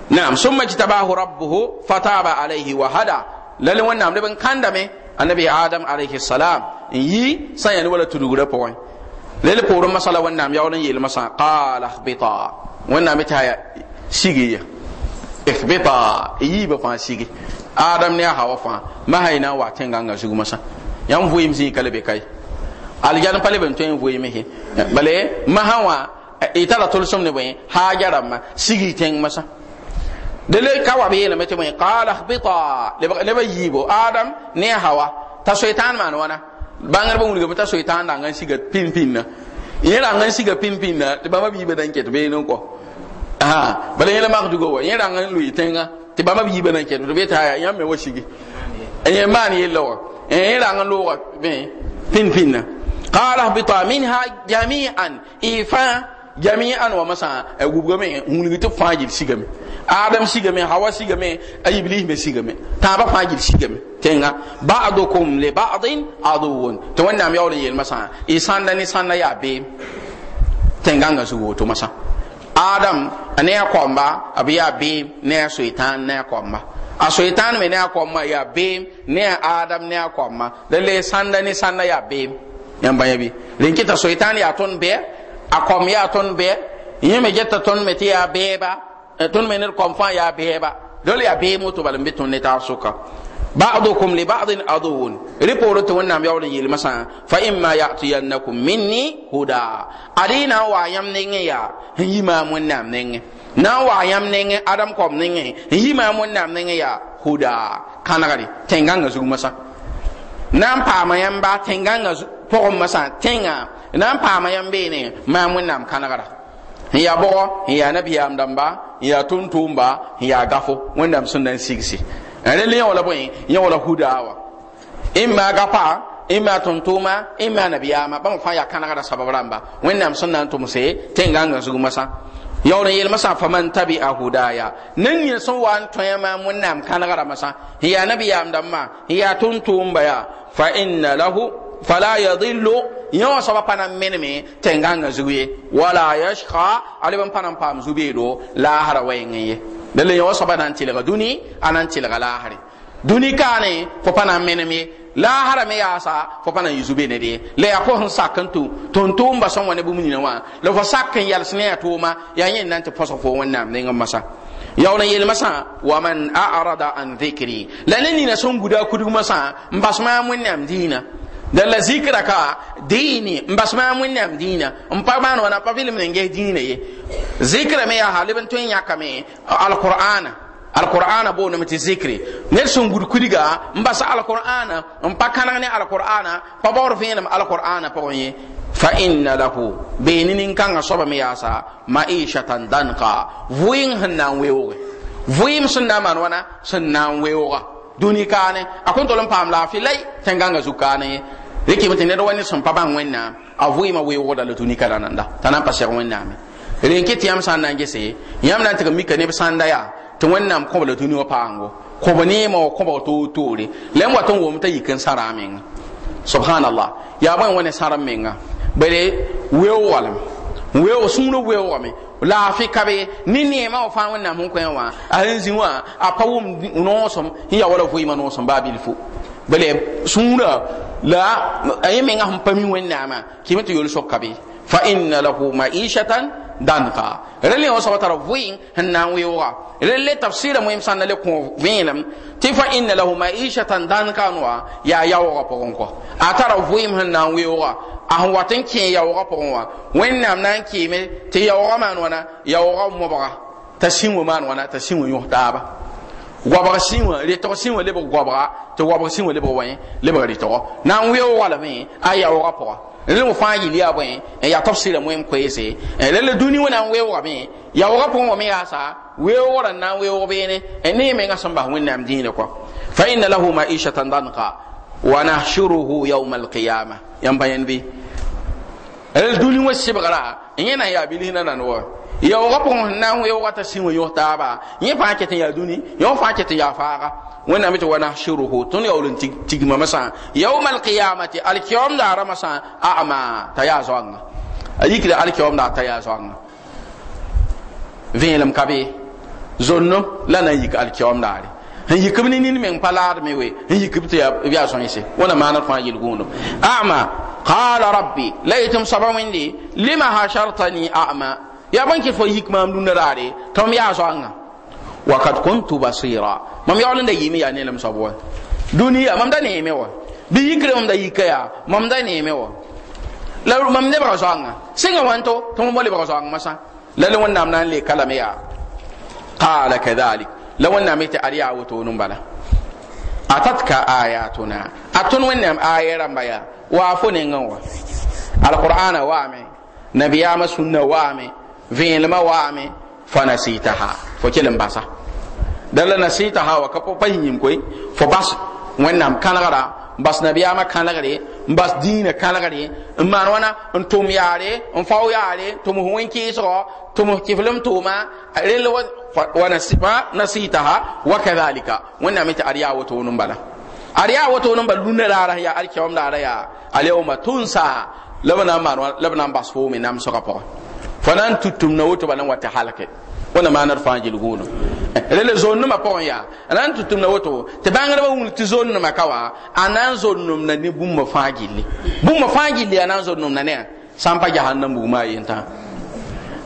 naam summa jtabahu rabbuhu fataba alayhi wa hada lal wẽnnaam leb n kãndame annabi adam alayhi salam n yi sã n yaa ne wala pʋgẽ lel pʋʋrẽ masala wẽnnaam yaool n yeelmã sã qaala ihbita wẽnnaam y tɩ aya sige ya ihbita yiibã fãa sige adam ne a hawa fãa masã y na n wa tẽngãngã zugu masã yãmb vɩɩm zĩika le be ka ye aljan pa leb n tõe n vɩɩme bale masã wã y tara tʋlsem ne bõe haaja rãmbã sigi tẽng masã de le ka wa b yeelame tɩ bõe qaala ihbita lebg yiibo adam ne a hawa t'a soɩtãan maan wãna bangar ba wulga ta soy tan dangan siga pin pin na yera siga pin pin na te baba bi be dan ket be non ko aha bale yela mak dugo wa yera ngan lu itenga te baba bi be dan ket be ta ya me washigi en man yela wa en yera ngan lu wa be pin pin na qala bita minha jami'an ifa jami'an wa masa eh, gubgame wulga to fajil sigame adam sigame hawa sigame a iblis be sigame taaba fãa gil sigame tenga ba'dukum li ba'din aduwwun tɩ wẽnnaam yaool n yeelmã sã y ni ne ya be tenga tẽngãngã zug woto masã adam ne a kɔmba b be beem ne a soɩtãan ne a kɔmba a soɩtãan me ne a kɔmba yaa beem ne a adam ne a kɔmba la le sãnda ne sãnda yaa beem yãmba yã bɩ rẽn kɩta soɩtãan yaa tõnd bɩ a kɔm ya ton bẽ yẽ me geta tõnd me tɩ yaa tõnd me ya ya fãa dole bɛɛba dol yaa bɛɛ moto bal n be tõnd ne taab sʋka لبعض عدو ريبورت ونا يولي يل مسا فاما ياتينكم مني هدى ارينا ويام نينيا هي ما من نام نيني نا ويام نيني ادم كوم نيني هي ما من نام نينيا هدى كانغري تنغان زو مسا نام پاما يام با تنغان زو پوم مسا تنغا نام پاما يام بيني ما من نام كانغري n ya bɔgɔ n yaa nabiyaam dãmba n ya tʋm n yaa gafo wẽnnaam sẽn na n sigsi rẽl yã wala bõe yã wala hudaa wa tuntuma, maa gapa ẽ maa tʋm-tʋʋma ẽ maa nabiyaama bãmb fãa yaa kãnegda sabab rãmba wẽnnaam sẽn na n tʋmse tẽngãngã zugumã sã yaoor n yelmã sã fa man tabia hudaya nan yẽ sẽn wa n tõe ma wẽnnaam kãnegrãmã sã n yaa nabiyaam dãmbã n yaa tuntumba ya yaa fa inna lahu fala yadillu yõ soaba pa na n menme tɩ n gãngã zug ye wala yashka aleb n pa na n paam zu-beedo laasra wɛɛngẽ ye dẽl yõ soaba na n tɩlga dũni a na n tɩlga laasre dũni kaane fo pa na n menem ye laasra me yaasa fo pa na n yɩ zu-be ned ye la yaa fo sẽn sak n tʋm tɩ n tʋʋmba sõn wa ne bũmb nina wã la fo sak n yɛls ne a tʋʋma yaa yẽnd na n tɩ põsg fo wẽnnaam neng n masã yaoona yel masã wa man arada an dhikri la ne nina sẽn guda kudg masã n bas maam wẽnnaam diinã da la zikra ka dini mbasma mun nam dina mpa ma wana pa film nge dina ye zikra me ya haliban tun ya kame alqur'ana alqur'ana bo ne mti zikri ne sun gudu kudiga mbasa alqur'ana mpa kana ne alqur'ana pa bor fiinam alqur'ana pa wonye fa inna lahu bainin kan asaba me yasa ma'ishatan danqa vuin hanan wewo vuim sunna man wana sunna wewo duni kane akon tolon pam la fi lay tenganga zukane rɩkɩ m tɩ ned wa ne sẽn pa bãng wẽnnaam a vɩɩmã weoogda la tũni ka rãnanda t'a na n pa sɛg wẽnnaame ren kɩ tɩ yãmb sã n na n gese yãmb na n tɩg mika neb sãnda yaa tɩ wẽnnaam kõb la tũni wã paango kõb neemã wa kõbg toog toore la m wat n wʋm t'a yik n sãra a menga subhanallah yaa bõe wa ne sãr n menga bele weoog walm weo sũurã weoogame laafɩ ka be ne neemã wã fãa wẽnnaam sẽn kõ wã a sẽn zĩ wã a pa wʋm noosem sẽn ya wala vɩɩmã noosem baabil fo bale sũurã la a yẽ menga sẽn pa mi wẽnnaamã kɩme tɩ yol soka be fa inna lahu maishatan danka rẽl wã soaba tara vɩɩng sẽn na n weooga rẽl le tafsɩrã wẽm sãn na le kõo vẽelem tɩ fa inna lahu maishatan danka n wã yaa yaooga pʋgẽ kɔ a tara vɩɩm sẽn na n weooga a sẽn wat n kẽ yaooga pʋgẽ wã wẽnnaam na n kɩɩme tɩ yaooga maan wãna yaooga mobga t'a sĩn wa wana t'a sĩn wa yõs taaba goabg sẽn wã retg sẽn wã lebg goabga tɩ goabg sẽn wã lebg wã lebg retgo na n weoog a yaoogã pʋga rẽ me fãa yɩl yaa bõe n yaa tafsɩrã wẽm koeese la la dũni wẽna n weoogame yaoogã pʋgẽ wame yaasa weoogrã n na n weoog beene e ne mengã sẽn bas wẽnnaam dĩinẽ kɔ fa inna lahu maishatan danka wa nahshuruhu yauma alqiyama yãmba rel duli wa sibgra yẽna yaa bilsi na nan wa yaooga pʋgẽ sẽn na n weooga t'a sĩn wa yõs taaba yẽ fãa ket n yaa dũni yõ fãa ket n yaa faaga wẽnnaam tɩ wa nahsuruhu tõnd yaool n tig mame sã yauma alqiyamati alkiom daara masã ama t'a yaa zoanga a yikda alkiom daa t'a yaa zoanga vẽelem ka be zonno la na n yik alkiom daare n yikb ne nin meng pa laadme we n yikb tɩ yaa sõense wẽna maana d fãa yel gũudum ama قال ربي ليتم صبويني لما هشرتني أعمى يا بنك فو هيكما مدون راري تم يا زوانا وقد كنت بصيرا مم يعلن دا يمي يعني لم صبوا دنيا مم دا نيمي وا بيكر مم دا يكيا مم دا نيمي وا لو مم نبغى زوانا سينغ وانتو تم مولي بغى زوانا مسا لالي ونام نان لي كلام يا قال كذلك لو نامي تأريا وتونم بلا atatka ayatuna atun wẽnnaam aaya rãmba wa waa fo alqur'ana wa alqur'ana sunna wa ame waame ma wa fa fanasitaha fo kelen basa dalla nasitaha wa kapo pa koy fo bas wenna kãnegara bas nabiyaamã kãlgre n bas dina kãlgre n maan wãna n tʋm yaare n fao yaare tʋm f wẽn-kɩɩsgɔ tʋm f kɩflem tʋʋma rel wa nasɩɩtaha wa kadhalika wẽnnaam tɩ ad yaa wotoone n bala ad yaa wotoone n bala lũnã raara yaa ad kɛoom raara yaa alyawma tʋnsa la b na n maan la b na n bas foome namsgã pʋgẽ fa na n tut wata woto bala n wa tɩ halke wẽnna maanar fãa gil gũudum rel eh, zonnumã pʋgẽ yaa ra n tɩ tʋmda woto tɩ bãngdbã wing tɩ zonnemã ka wa a na n zonnemda ne bũmba fãa gilli bũmba fãa gilli a na n zonnemda ne sã n pa jahannam bugumã a yentã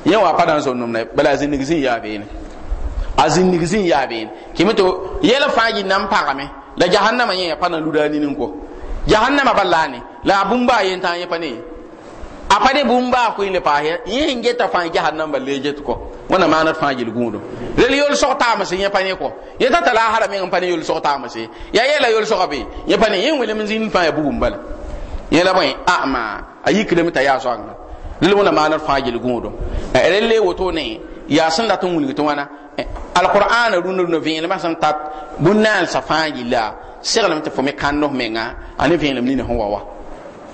yẽ wã pa na n zonnemda bala a zĩnnig zĩn yaa beene a zĩnnig zĩn yaa beene kɩme tɩ yɛl fãa gilna n pagame la jahannamã yẽ pa na luda a nin n ko jahannamã pa laane la a bũmba a yentã yẽ pa ne a pa ne bũmba a koe le paas yẽ n geta fãa jahannam bala le get ko wẽnna maanad fãa fa gũudum rel yol-sog taamã ta yẽ ya ne ko yẽ t'a tala a hara meng n pa ne yol-sog taamã se yaa yɛla yol-sogã be yẽ pa ne yẽ welem zĩnd fãa yaa bugum bala yẽ la bõe ãma a yikrame t'a yaa soagã rel wẽnna maanad fãa yel gũudum eh, rel woto ne yaa sẽn dat n wilg tɩ wãna eh, alqur'ana rũnã rũnã vẽenemã sẽn tat bõn-naalsã la yilla seglem tɩ me kãndos menga a ne vẽenem nina wa wa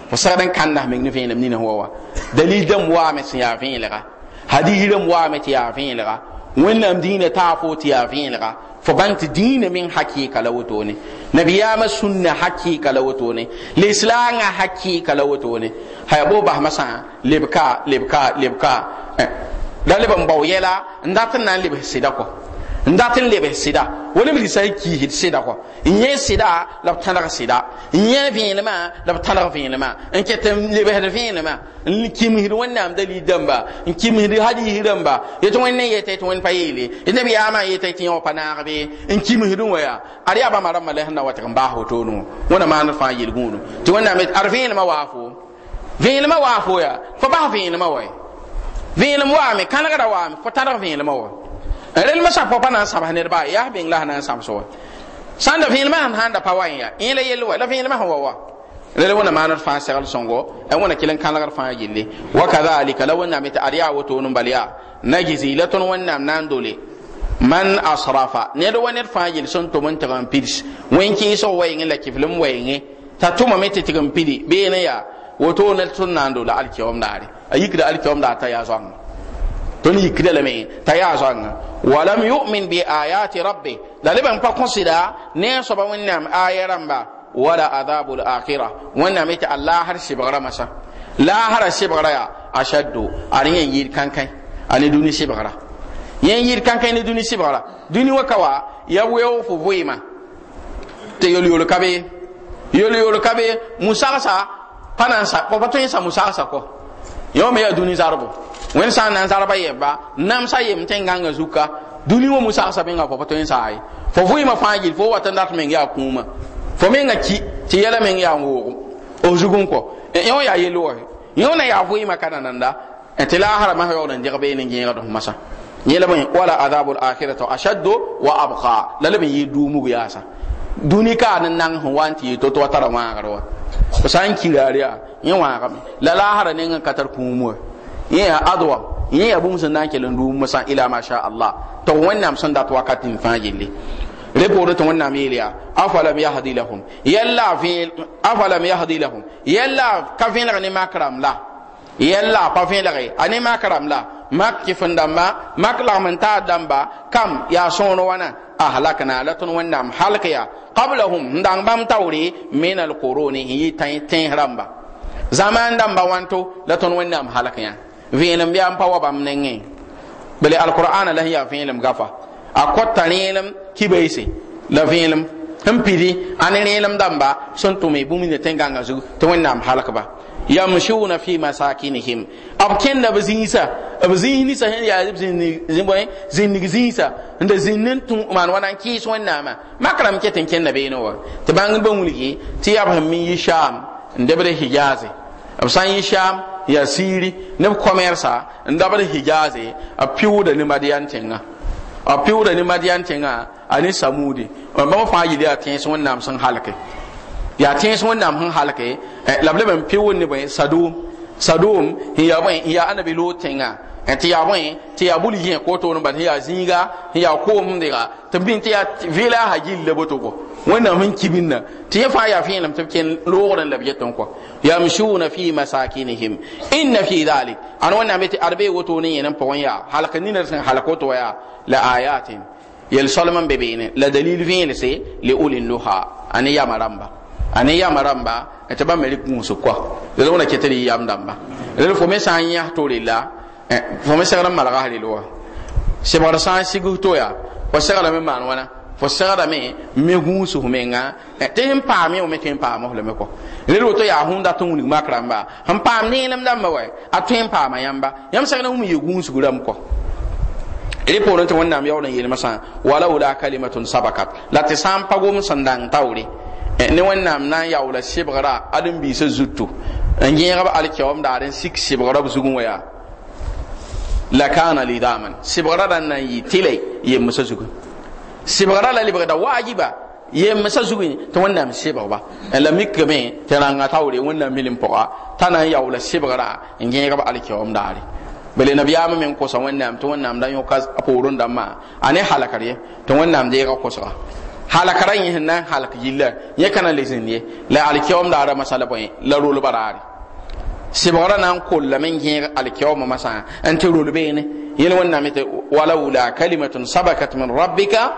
fo segd n kãndas ne vẽenem nina wa wa dalil dãmb waame ya yaa vẽelga hadisi rem waame tɩ yaa vẽelga wẽnnaam dĩinã taafo tɩ yaa vẽelga fo ban tɩ dĩinã min hakika la wotone nabiyaamã sũnnã hakɩɩka la wotone lislaangã hakɩɩka la wotone haya boo basmã sã lebka lebka lebka eh. la leb n bao yɛla n dat na kɔ ndatin lebe sida wani mili sai ki hit sida ko. nye sida la tana ka sida nye vini ma la tana ka vini ma nke tem lebe hir vini ma nkim hir wani am dali damba nkim hir hadi hir damba yeto wani ne yete yeto wani pa yili yete bi ama yete yeti yon panarbe nkim hir waya ari aba maram malah na watak mba ho tonu wana maana fa yil gunu ti wani amit ar vini ma wafu vini ma wafu ya fa ba vini ma wai vini ma wami kanagara wami fa tana ka vini ma wai rel masa sã pa na n sãbs nedbã yaa beng la sã na n sãbs wa sãn la vẽelmã sẽn sãnda pa wa ya in le yell wa la fil sẽn wa wa rel wẽna maaned fãa segl sõngo a wẽna kell n kãlgr fa gilli wa la wẽnnaam tɩ ad yaa wotoon n bal baliya najizi la tõnd wẽnnaam na n dole man asrafa ned wa ned fãa yel sẽn tʋm n tɩg n pids wẽn kɩɩsg wɛɩngẽ la kiflem wɛɩngẽ t'a tʋmame tɩ tɩg n pidi beene yaa wotoone tõnd na n dole da alkiomdaare a yikda da t'a yaa zoaŋa tõnd yikda lame t'a yaa zãnga walam yu'min bi ayati rabbi la lebn pa kõsda ne a soaba wẽnnaam aaya rãmba wala adabul akhira wẽnnaam yetɩ a laasr sɩbgra masã laasra sɩbgra yaa ashaddu ad yẽ yɩɩd kãnkãe a ne dũni sɩbgra yẽ yɩɩd kãnkãe ne dũni sɩbgra dũni wa ka wa ya weoog fo vɩɩmã tɩ yol-yool ka be yol-yool ka be musagsa pa na n sa pa tõe n sa musagsa kɔ yõ me yaa dũni zarbo wẽnd sã n na n zarba yɛbba namsa yem tẽn gãngã zuka dũni wã mu sagsa fo pa tõe n saaye fo vɩɩmã fãa gill fo wat n dat meng yaa kũuma fo menga ki tɩ yɛla meng yaa n f zug n kɔ e, yẽ yaa yel-woɛ yẽ na yaa vɩɩmã ka nananda e, tɩ la asra masã yaood deg bee ne gẽegd f masã yẽla bõe wala adabu lakhirata ashaddo wa abqa la leb n yɩ duumug yaasã dũni kaa n nang sẽn wa n tɩ yɩ to-to wa tara wãagr wa fo sã n kiraar yaa yẽ wãagame la laasra neng ka tar kũum wa yẽ yaa adwa yẽ yaa bũmb sẽn na n kell n rũum sã ila masha allah tɩ wẽnnaam sẽn dat wakat n fãa yelle le poorẽ tɩ wẽnnaam yeel yaa afalam yahdi lahum yɛlla afalam yahdi lahum yɛlla ka vẽlg ne makram la yɛlla pa vẽlge a ne makram la mak kɩf n dãmba mak lagm n taad dãmba kam yaa sõor wãna ahlakna la tõnd wẽnnaam halk yaa qablahum n dãng bãmb taoore min alqurone n yɩ tẽes rãmba zãmaan dãmba wãnto la tõnd wẽnnaam halk yã vẽelem bɩ an pa wa bãmb nengẽ bele alqurana la sẽn yaa vẽelem gafa a kota rẽelem kibɛɛse la vẽelem n pidi a ne rẽelem dãmba sẽn tʋme bũmb ne tẽngãngã zugu tɩ wẽnnaam halkba yamshuna fi masakinihim b kẽnda b zĩisa b zĩis ninsã sẽn yaa zĩnnig zĩisa n da zĩnd n tũ maan wa na n kɩɩs wẽnnaamã mak rãmb ket n kẽnda beene wã tɩ bãng bã wilgi tɩ yab sẽn min yi shaam n debd hijaaze b sã n yi shaam ya siri ne komersa ndabar hijaze a da ni madiyan tenga a da ni madiyan tenga ani samudi ba ma fa yidi a tin sun nam sun halake, ya tin sun nam hun halke eh, ban piwu ni bai sadum sadum ya bai ya annabi lo tenga ti ya bõe tɩ yaa bul yẽ kotoor bal sẽn yaa zĩiga sẽn yaa koomdga tɩ b bɩ tɩ yaa vɩɩla a gill la botogo wẽnnaam sẽn kibinna tɩ yẽ fãa yaa fẽelem tɩ b kẽn loogr n la b yet n kɔ yamsuuna fi masakinihim inna fi dhalik ãn wẽnnaam be tɩ ad bee woto ne yẽn n pʋgẽ yaa halk nina sẽn halk woto wã yaa la ayatin yel-solm n be beene la dalil vẽelse le ulin nuha a ne yama rãmba a ne yama rãmba tɩ bãmb me rɩk gũusg kɔ rel wẽna ket d yam dãmba rel fo me sã n yãs to la. Eh, fo me segda malga ha lelwa sebgr sã n to ya fo segda me man wana? fo segda me me gũusu f menga eh, him pa me o me mo le me ko le kɔ to ya yaa sũn dat n wilg ham pa n paam neelem dãmba wai a tõe n paama yãmba yãmb segd wum yɩ gũusg rãmb kɔ rɩpoorẽ tɩ wẽnnaam yaool n yeelmã Wala walaula kalimatun sabakat la tɩ sã n pa gom sandang dãng taoore eh, ne wẽnnaam na n yaoola sɩbgra bi n biisã zutu n yẽegb alkɛoom daar n sik da b zugẽ wã la kana lidaman sibgara da nan yi tile yi musa zugu sibgara la libra da wajiba yi musa zugu to wannan sibgara ba la mikka me taranga tawre wannan milin poka tana yawla sibgara ngi ga alkiyom dare bele nabiyama men kosa wannan to wannan dan yo kas aporun dan ma ane halakare to wannan da ga kosa halakaran yin nan halak yilla kana lezin ne la alkiyom dare masala boy la rulu barare sɩbgrã na n kollame n gẽeg alkiyaoma masã n tɩ rol beene yel wẽnnaam tɩ walaula kalimatun sabakat min rabbika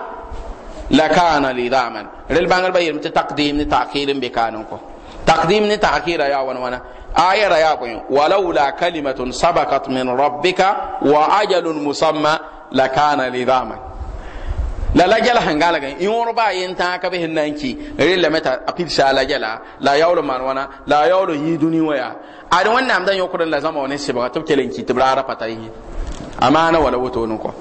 lakana lidaman rel bãngrbã yelm tɩ takdɩɩm ne taakɩɩr n be kaan n kɔ takdɩɩm ne taakɩɩrã yaa wãn wãna aya ra yaa bõe walaula kalimatun sabakat min rabbika wa ajalun musamma lakana lidaman la la jala sẽn galgẽ yõorba a ba yin ta ka na n ki rel la meta a pidsaa la jala la a yaool la a yi duni waya a da wannan amdan wẽnnaam da n la zãma wa ne sɩbga tɩ b kell n ki tɩ b raara pa tar yẽ a maana wala wotone kɔ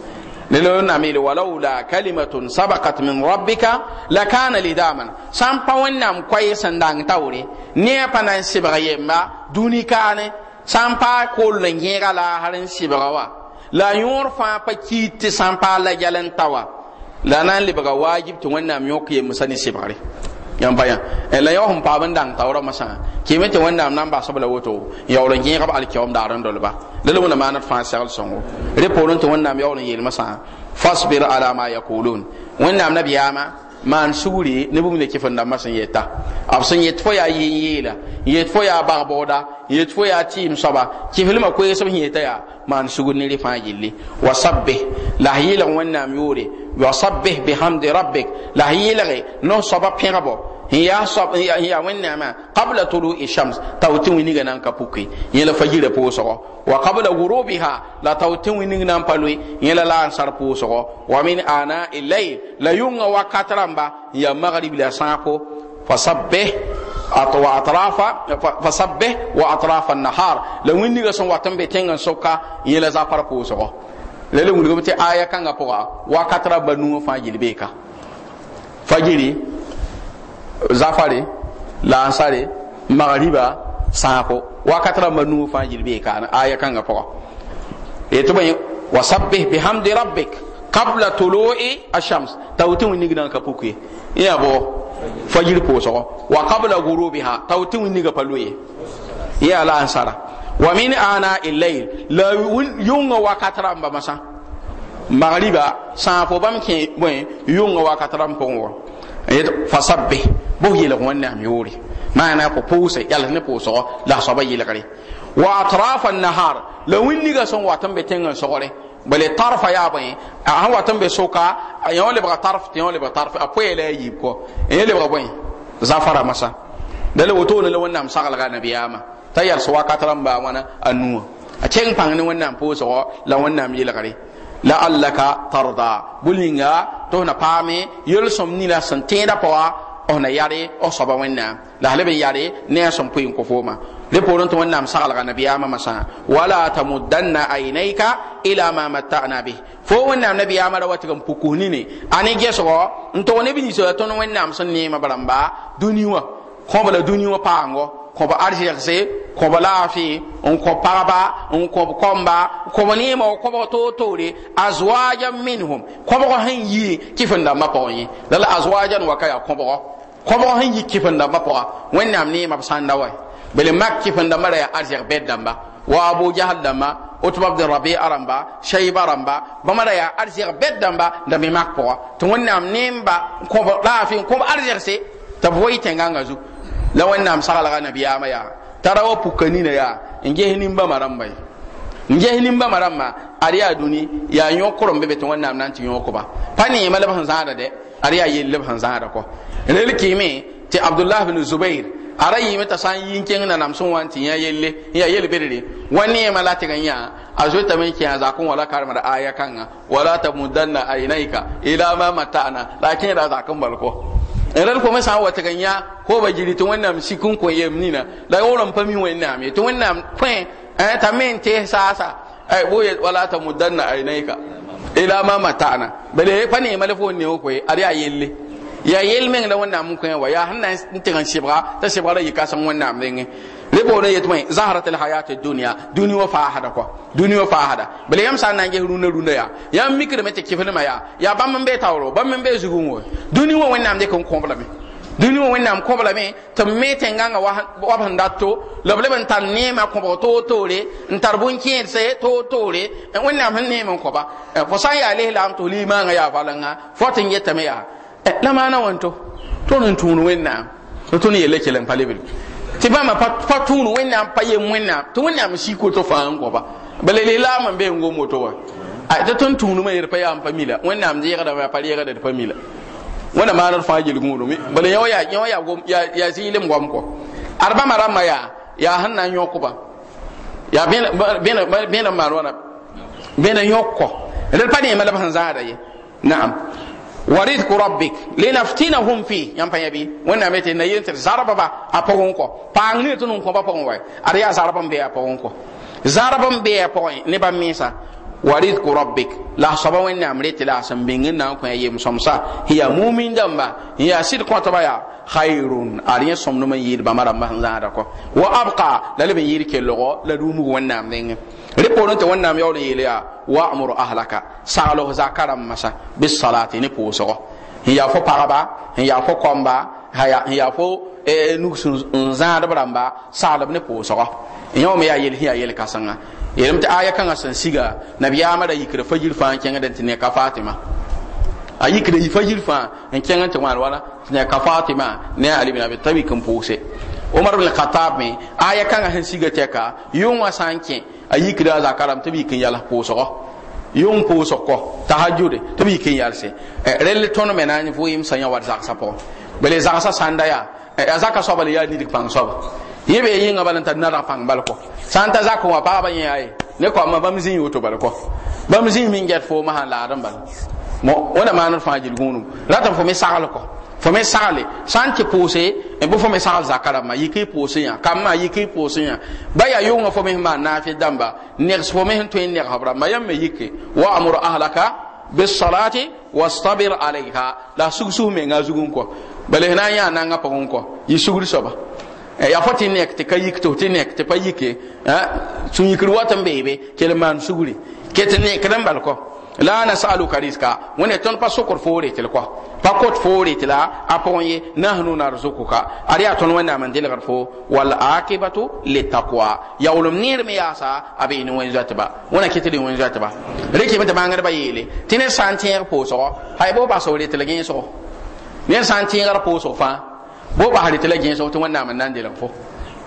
ne la kalimatun sabaqat min rabbika la kana lidaman san pa wannan kwaye san dan taoore ne a pa na n sɩbg yemba dũni kaane pa koll n la harin n sɩbga wa la yurfa pa kiti san pa la jalan tawa Eh, la na n lebga waajib tɩ wẽnnaam yõk yembsã ne sebgre yãmb pa yã la yaoo sẽn paab n dãng taoorã masã kɩɩme tɩ wẽnnaam na n basb la woto yaool n gẽegb alkɛoom daar n dolba la la wẽna maan d fãa segl sõngo re poorẽ tɩ wẽnnaam yaool n yeelmã sã fasbir ala ma yakulun wẽnnaam nabiyaamã maan sugre ne bũmb ne da, sẽn yeta b sẽn y'a yi yaa la, yi n yet fo yaa bagboda n yet fo yaa tɩɩm soaba kɩflmã koeesb sẽn yeta yaa maan sugr ne rẽ fãa yelle wa sabbe la s yɩlg wẽnnaam yoore wa sabbih bihamdi rabbik la yi yɩlge ne soaba pẽgbɔ ya sab ya ya wani ma qabla tulu ishams tawti wini ga nan kapuki yela fajira poso wa qabla ghurubiha la tawti wini nan palwi yela la sar poso wa min ana ilay la yunga wa katramba ya maghrib la sapo fasabbih atwa atrafa fasabbih wa atrafa an-nahar la wini ga son watan be tengan soka yela za far poso lele wuri gobe aya kanga poka wa katra banu fajiri beka fajiri zafare lansare magriba sãako wakat manu fajir be yir aya kan aya e to tɩ wa wasabbih bihamdi rabbik qabla tului ash-shams tawtin ni gidan ka fuke ye bo fajir fa so wa qabla ghurubiha tawtin ni ga wẽ niga lansara ye wa min ana illail la yunga wakat rãmba masa magariba sãafo bãmb kẽ bõe yʋnga wakat wa pʋgẽ wã fasabbih bo yelg wẽnnaam yoore mana ko pʋʋsa yalla ne pʋʋsgɔ la soaba kare wa atrafa nahar la winni ga son watan be tẽng n bale tarfa ya bõe sẽn watan be soka yã wa lebga tarf tɩ yã wa lebga tarf a poɛɛ la a yiib kɔ yẽ lebga bõe zafara masã da la wotone la wẽnnaam saglga nabiyaamã t'a yals wakat rãmba wãna a a kẽng pãng ne wẽnnaam pʋʋsgɔ la wẽnnaam la'allaka tarda bulinga to na pame yel som ni la santenda o ona yare o soba wenna la halbe yare ne som puin ko foma le poron to wenna msa na nabiya ma masa wala tamuddanna aynaika ila ma matta'na bi fo nabiya ma ya mara puku ni ne ani geso nto ne bi ni so to wenna msa ni ma baramba duniwa ko bala duniwa pango kõb arzɩgse kõb laafɩ n kõb pagba n kõb kõmba kõb neema wa kõbg toor-toore azwaajan minhum kõbg sẽn yɩ kɩfen dãmbã pʋgẽ ye la la azwaajan wa ka yaa kõbgɔ kõbg sẽn yɩ kɩfen dãmbã pʋga wẽnnaam neema b sãn da wa bele mak kɩfen dãmbã ra ya arzɛg bɛd dãmba wa abu jahal dãmba utba bd rabi aramba shayba ramba bãmba ra yaa arzɛg bɛd dãmba da me mak pʋga tɩ wẽnnaam neemba kõb laafɩ n kõb arzɛgse tɩ b wa y tẽngãngã zu la wẽnnaam saglga nabiyaamã yaa tara wa puka nina yaa n ges nimbãmbã rãmba ye n ges nimbãmbã rãmba ad yaa dũni yaa yõkrem be be tɩ wẽnnaam na n tɩ yõkba pa neema leb sẽn zãada dɛ ad yaa yell leb sẽn zãada kɔ rel kɩɩme tɩ abdulah bn zubair ara yɩɩme t'a sã n yɩ n kẽng nanam sẽn wa n tɩ yã yelle n yaa yel bedre wa neema la tɩg n yã a zoetame n kẽa zak n wala karemda aya kãnga wala tamudanna ainayka ila ma mata'na la a kẽeda zak n bal kɔ rel kome sã n wa tɩg n yã ko ba jiri tɩ wannan sik kun ko yem nina la yoorã n pa wannan wẽnnaam ye wannan kwen eh t'a te sasa ay eh, bo ya wala ta mudanna aynayka ila ma mata'na bale pa neema la ne ko ari a yelle ya yel ne wannan wẽnnaam n kõ wa yaa sẽn na n tɩg n sɩbga t'a wannan ra yɩkasẽ wẽnnaam rẽngẽ lebona ya zahrat alhayat dunia dũni wã faasda kɔ dũni wã faasda bala yãmb sã san na n ges rũndã ya yaa yãmb mikrame tɩ kɩfdmã ya yaa bãmb be bee taooro bãmb be bee zugum wa wannan wã wẽnnaam dɩk n kõb lame dũni wã wẽnnaam koblame tɩ m me tẽngãngã wab sẽn dat to la b leb n tar neemã kõbg toor-toore n tar bõn-kẽedse toor-toore wẽnnaam sẽn neem n kõba fo sã n yaa leslaam tɩ limaangã yaa valengã fo tɩ n yetame yaa la maana wẽn to tõnd n tũud wẽnnaam tõnd yella kell n pa lebr tɩ bãmba pa tũud wẽnnaam pa yem wẽnnaam tɩ wẽnnaam sik woto fãa n goaba bala leslaam n be n gom woto wã ah, tɩ tõnd tũudmã yel pa yaa n pa mila wẽnnaam yegdame pa yegda d pa mila wẽna maanar fãa yelg wʋrme bala yã ya ya zɩɩlem goam kɔ arbãma rãmbã yaa yaa sẽn na n yõkba yaa bẽena maan wãna bẽena yõk kɔ rel pa neemã la b sẽn zãada ye naam wa rizku rabbik linaftinahum fi yãmb pa yã bɩ wẽnnaam yetɩ na yentɩ zarbba a pʋgẽ kɔ paang ne tɩ nung kõba pʋgẽ wa ad yaa zarb n be a pʋgẽ kɔ zarb n be a pʋgẽ ne bãmb mɩɩsã wa rizqu rabbik la saba wẽnnaam rete la sẽn beng n na n kõ somsa ya mumin dãmba n sid ko ta baya khairun ari yẽ sõmdem n yɩɩd bãmba rãmba sẽn zãada kɔ wa abqa la le yir ke logo la rũumug wẽnnaam rẽngẽ rẽ poorẽ tɩ wẽnnaam yaool n ya wa wa'mur ahlaka zakaram masa bis bisalati ne pʋʋsgɔ n yaa fo paraba n fo komba haya yaa fo eh, nugs n zãadb rãmba saglb ne pʋʋsgɔ yãwame ya yel hiya yel kasanga yelm tɩ aya kãngã sẽn siga nabiyaamã ra yikra fajir fãa n kẽngd tɩ neka fatima a yikra yi fajir fãa n kẽng tɩ wãn wala tɩ neka fatima ne ali bin abi tabik n pʋʋse omar bin khatab me aya kãngã sẽn siga tɛka yʋng wã sã n kẽ a yikra a zakarame tɩ b yik n yals pʋʋsgɔ yʋng pʋʋsg kɔ tahajude tɩ b yik n yalse eh, rel tõnd me na n vʋɩɩm sã yã wa d zagsã pʋgẽ bele zagsã sãnda yaa Eh, a zaka soaba le yaa nidig pãng soaba yẽ be yĩngã bala n tar nara pãng bal kɔ sã n ta zak wã paaba yẽ aye ne kɔma bãmb zĩig woto bal kɔ bãmb zĩig min gɛt foomã sã n laadn wẽna maan d fãa jil gũunum rata fo me sagl kɔ fo me sagle sã n tɩ pʋʋse e bɩ fo me sagl zakã rãmbã yik y pʋʋsẽ yã kam maa yik y pʋʋsẽ yã ba yaa yʋʋngã fo me sẽn maan naafɩ dãmba negs fo me sẽn tõe n negsb rãmba yãmb me yike wa amr ahlaka bisalati wastabir alayha la sug-sug menga zugum kɔ bale hna ya na nga pagun ko yi sugri soba eh, ya fati nek te kayi to te nek te payi ke ha sun yi yikri tan bebe ke le man kelman sugri ket ne bal ko la na salu kariska wẽnne ton pa sokr foore tɩl ko pa kot fore te la a pʋgẽ ye nahnu narzukuka ad yaa tõnd wẽnnaam n delgr fo walakibatu litaqwa yaoolem neer me yaasa a bee ne wẽn zoɛtba wẽna kɩ tɩ le wẽn zoɛtba rɩkɩm tɩ bãngdbã yeele tɩ ne tine santier po so hay bo pa basb le tɩl so ne san tingar poso fa bo ba hari tala so to wannan man nan de lan fo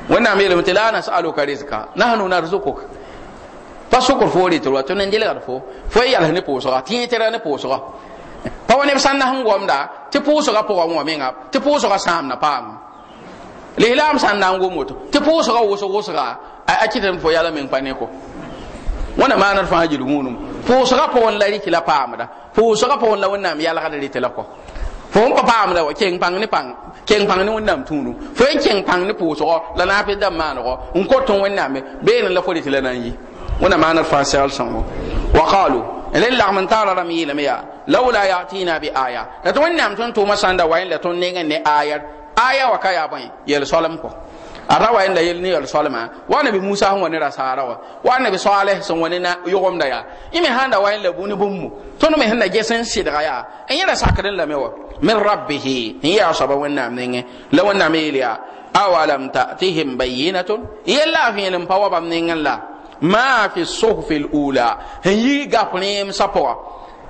wannan mai lamta la na sa'alu ka rizqa nahnu narzuquka fa sukur fo ri to wato nan de lan fo fo yal ne po so tin tera ne po so pa wani san na hangom da ti so ga po wa mo menga ti so ga sam na pam lihilam san na ngomo moto ti so ga woso woso ga a kitan fo yala min pa ne ko wana na fa hajil munum poso ga po won la ri kila pam da poso ga po won la wonna mi yala ga ri tela ko fo n pa paam la wa keng pãng ne pãng keng pãng ne wẽnnaam tũudu fo n keng pãng ne pʋʋsgɔ la na n pɩ dãmb maanegɔ n kot tõnd wẽnnaame beene la fo re tɩ la na n yi wẽna maana d fãa segl sõngo wa qaalu rẽ lagm n taara rãmb yeelame yaa laula yatiina bi aya la tɩ wẽnnaam tõnd tʋʋmã sã n wa la tõnd ne ne aya aya wa ka yaa bõe yel-soalem kɔ arawa inda yel ne yel-soalmã wa nabi musa hon wa ne rasaara wa wa nabi salih son wani na yugum da ya imi handa wa inda buni bummu to no me handa da ges n sɩdga yaa n yẽ ra sakd n lame wa min rabbihi n yaa soaba wẽnnaam nengẽ la wẽnnaam yeel yaa awalam tatihim bayyinatun yella a fẽelm pa wa bãmb ngalla ma fi suhuf lula n yi gaf rẽem sa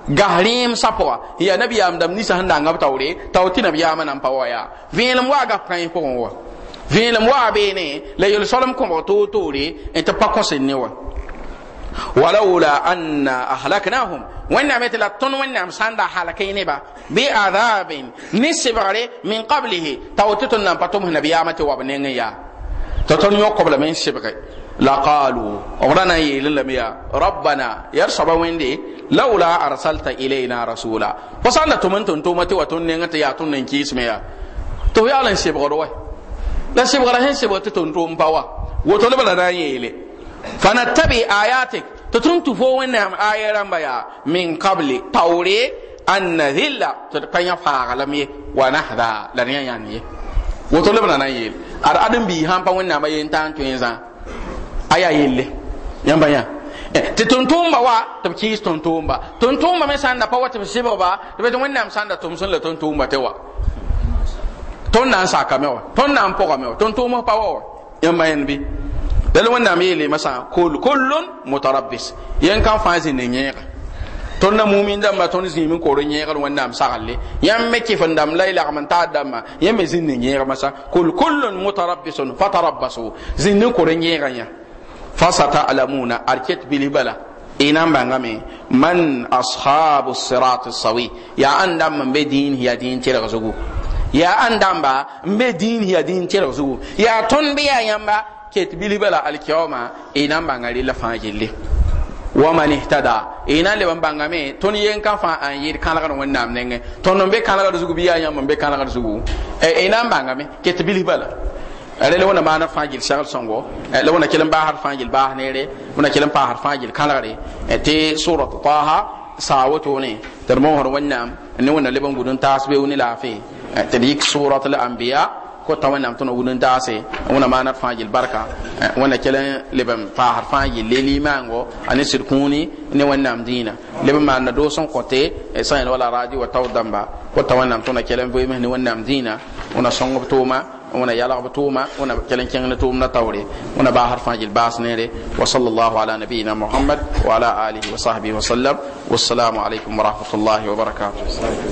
gahrim sapwa ya nabiyam dam sa handa ngab tawre tawti nabiyama nan pawa ya vinlam wa gaf kan ko wa vẽelem wa beene la yel-solem kõbg toor-toore n tɩ pa kõsen ne wa walawla anna ahlaknahum wẽnnaam ye tɩ la tõnd wẽnnaam sã n da halk y neba adabin ne-sebgre min qablihe t'a wot tɩ tõnd na n pa tʋm s nabiyaamã tɩ wab neng yaa tɩ tõnd yõkb lame n sebge laqaalu b ra na n yeel arsalta ilayna rasula fo sã n da tʋm n tʋm wa tõnd neng tɩ yaa tʋm nan kɩɩsme yaa tɩ wa la sebgra sẽn seb tɩ tʋm tʋʋm pa wa woto lebra na n yeele fa na tabi ayatik tɩ tʋm tɩ fo wẽnnaam aya rãmba yaa min kable paoore an nadhilla tɩ d pa yã faaglem ye wa nahda la d yã yãnd ye woto lebra na n yeele ad adem-bii sãn pa wẽnnaamã yen-tãan tõe zã a yaa yelle yãmba yã tɩ tʋm-tʋʋmba wa tɩ b kɩɩs tʋm-tʋʋmba tʋm-tʋʋmba me sã n da pa wa tɩ b ba, tɩ b tɩ wẽnnaam sã n da tʋm sẽn la tʋm-tʋʋmba tɩ wa ton nan sa sakame wa tõnd na n pʋgame wa tõnd tʋʋm f pa wa wa yãmb ma yẽnd bɩ dal wẽnnaam yeeleemã sã kullun mutarabis yẽn kãn fãa zĩnd n yẽega tõnd na mumin dãmba tõnd zĩim n koor n yẽegr wẽnnaam sagle yãmb me kɩf n dãmb la y lagm n taad dãmba yẽ me zĩnd n yẽegmã sã kul kullun mutarabisun fatarabasu zĩnd n koor n yẽegã yã fa sata'lamuna alamuna ket bilf bala y na n man ashabu sirati sawi ya ãn dãmb n be diin ya diin telg zugu ya an damba mbe din ya din tɩrg zugu ya ton biya yamba ke tibili bala alkiyaoma ina na n bãnga wa man ihtada ina le n leb n yen ka fa an yir kala wẽnnaam wonna tõnd n be kãlgd zugu bɩ yaa yãmb n be kãlgd zugu y na n bãngame ke tibili bala ale wẽna maana fãa gill segl sõngo e, la wẽna kell n baasd fãa gill baas neere wẽna kell n paasd fãa gill kãlgre e, tɩ surat taha saa wotone tɩ har wonna ne wona le bangudun tasbe woni lafi tɩd yik sʋʋrat la ambiya kota wẽnnaam tɩ na wud n daase wẽna maana d fãa yel barka wẽna kell leb n paasd fãa yel le limaango a ne sɩd kũuni ne wẽnnaam dĩinã leb n maanda doog sẽn kõte sã yel wala radio wa tao dãmba kota wẽnnaam tɩ wẽna kell n vɩɩms ne wẽnnaam dĩinã wẽna sõng b tʋʋma wẽna yalg b tʋʋma wẽna kell n kẽng ne tʋʋmdã taoore wẽna baasd fãa yel baas neere wa sal llahu ala nabiyina mohamad wa ala alihi wa sahbihi wasallam wassalamu aleykum wa rahmatullahi wa barakatuh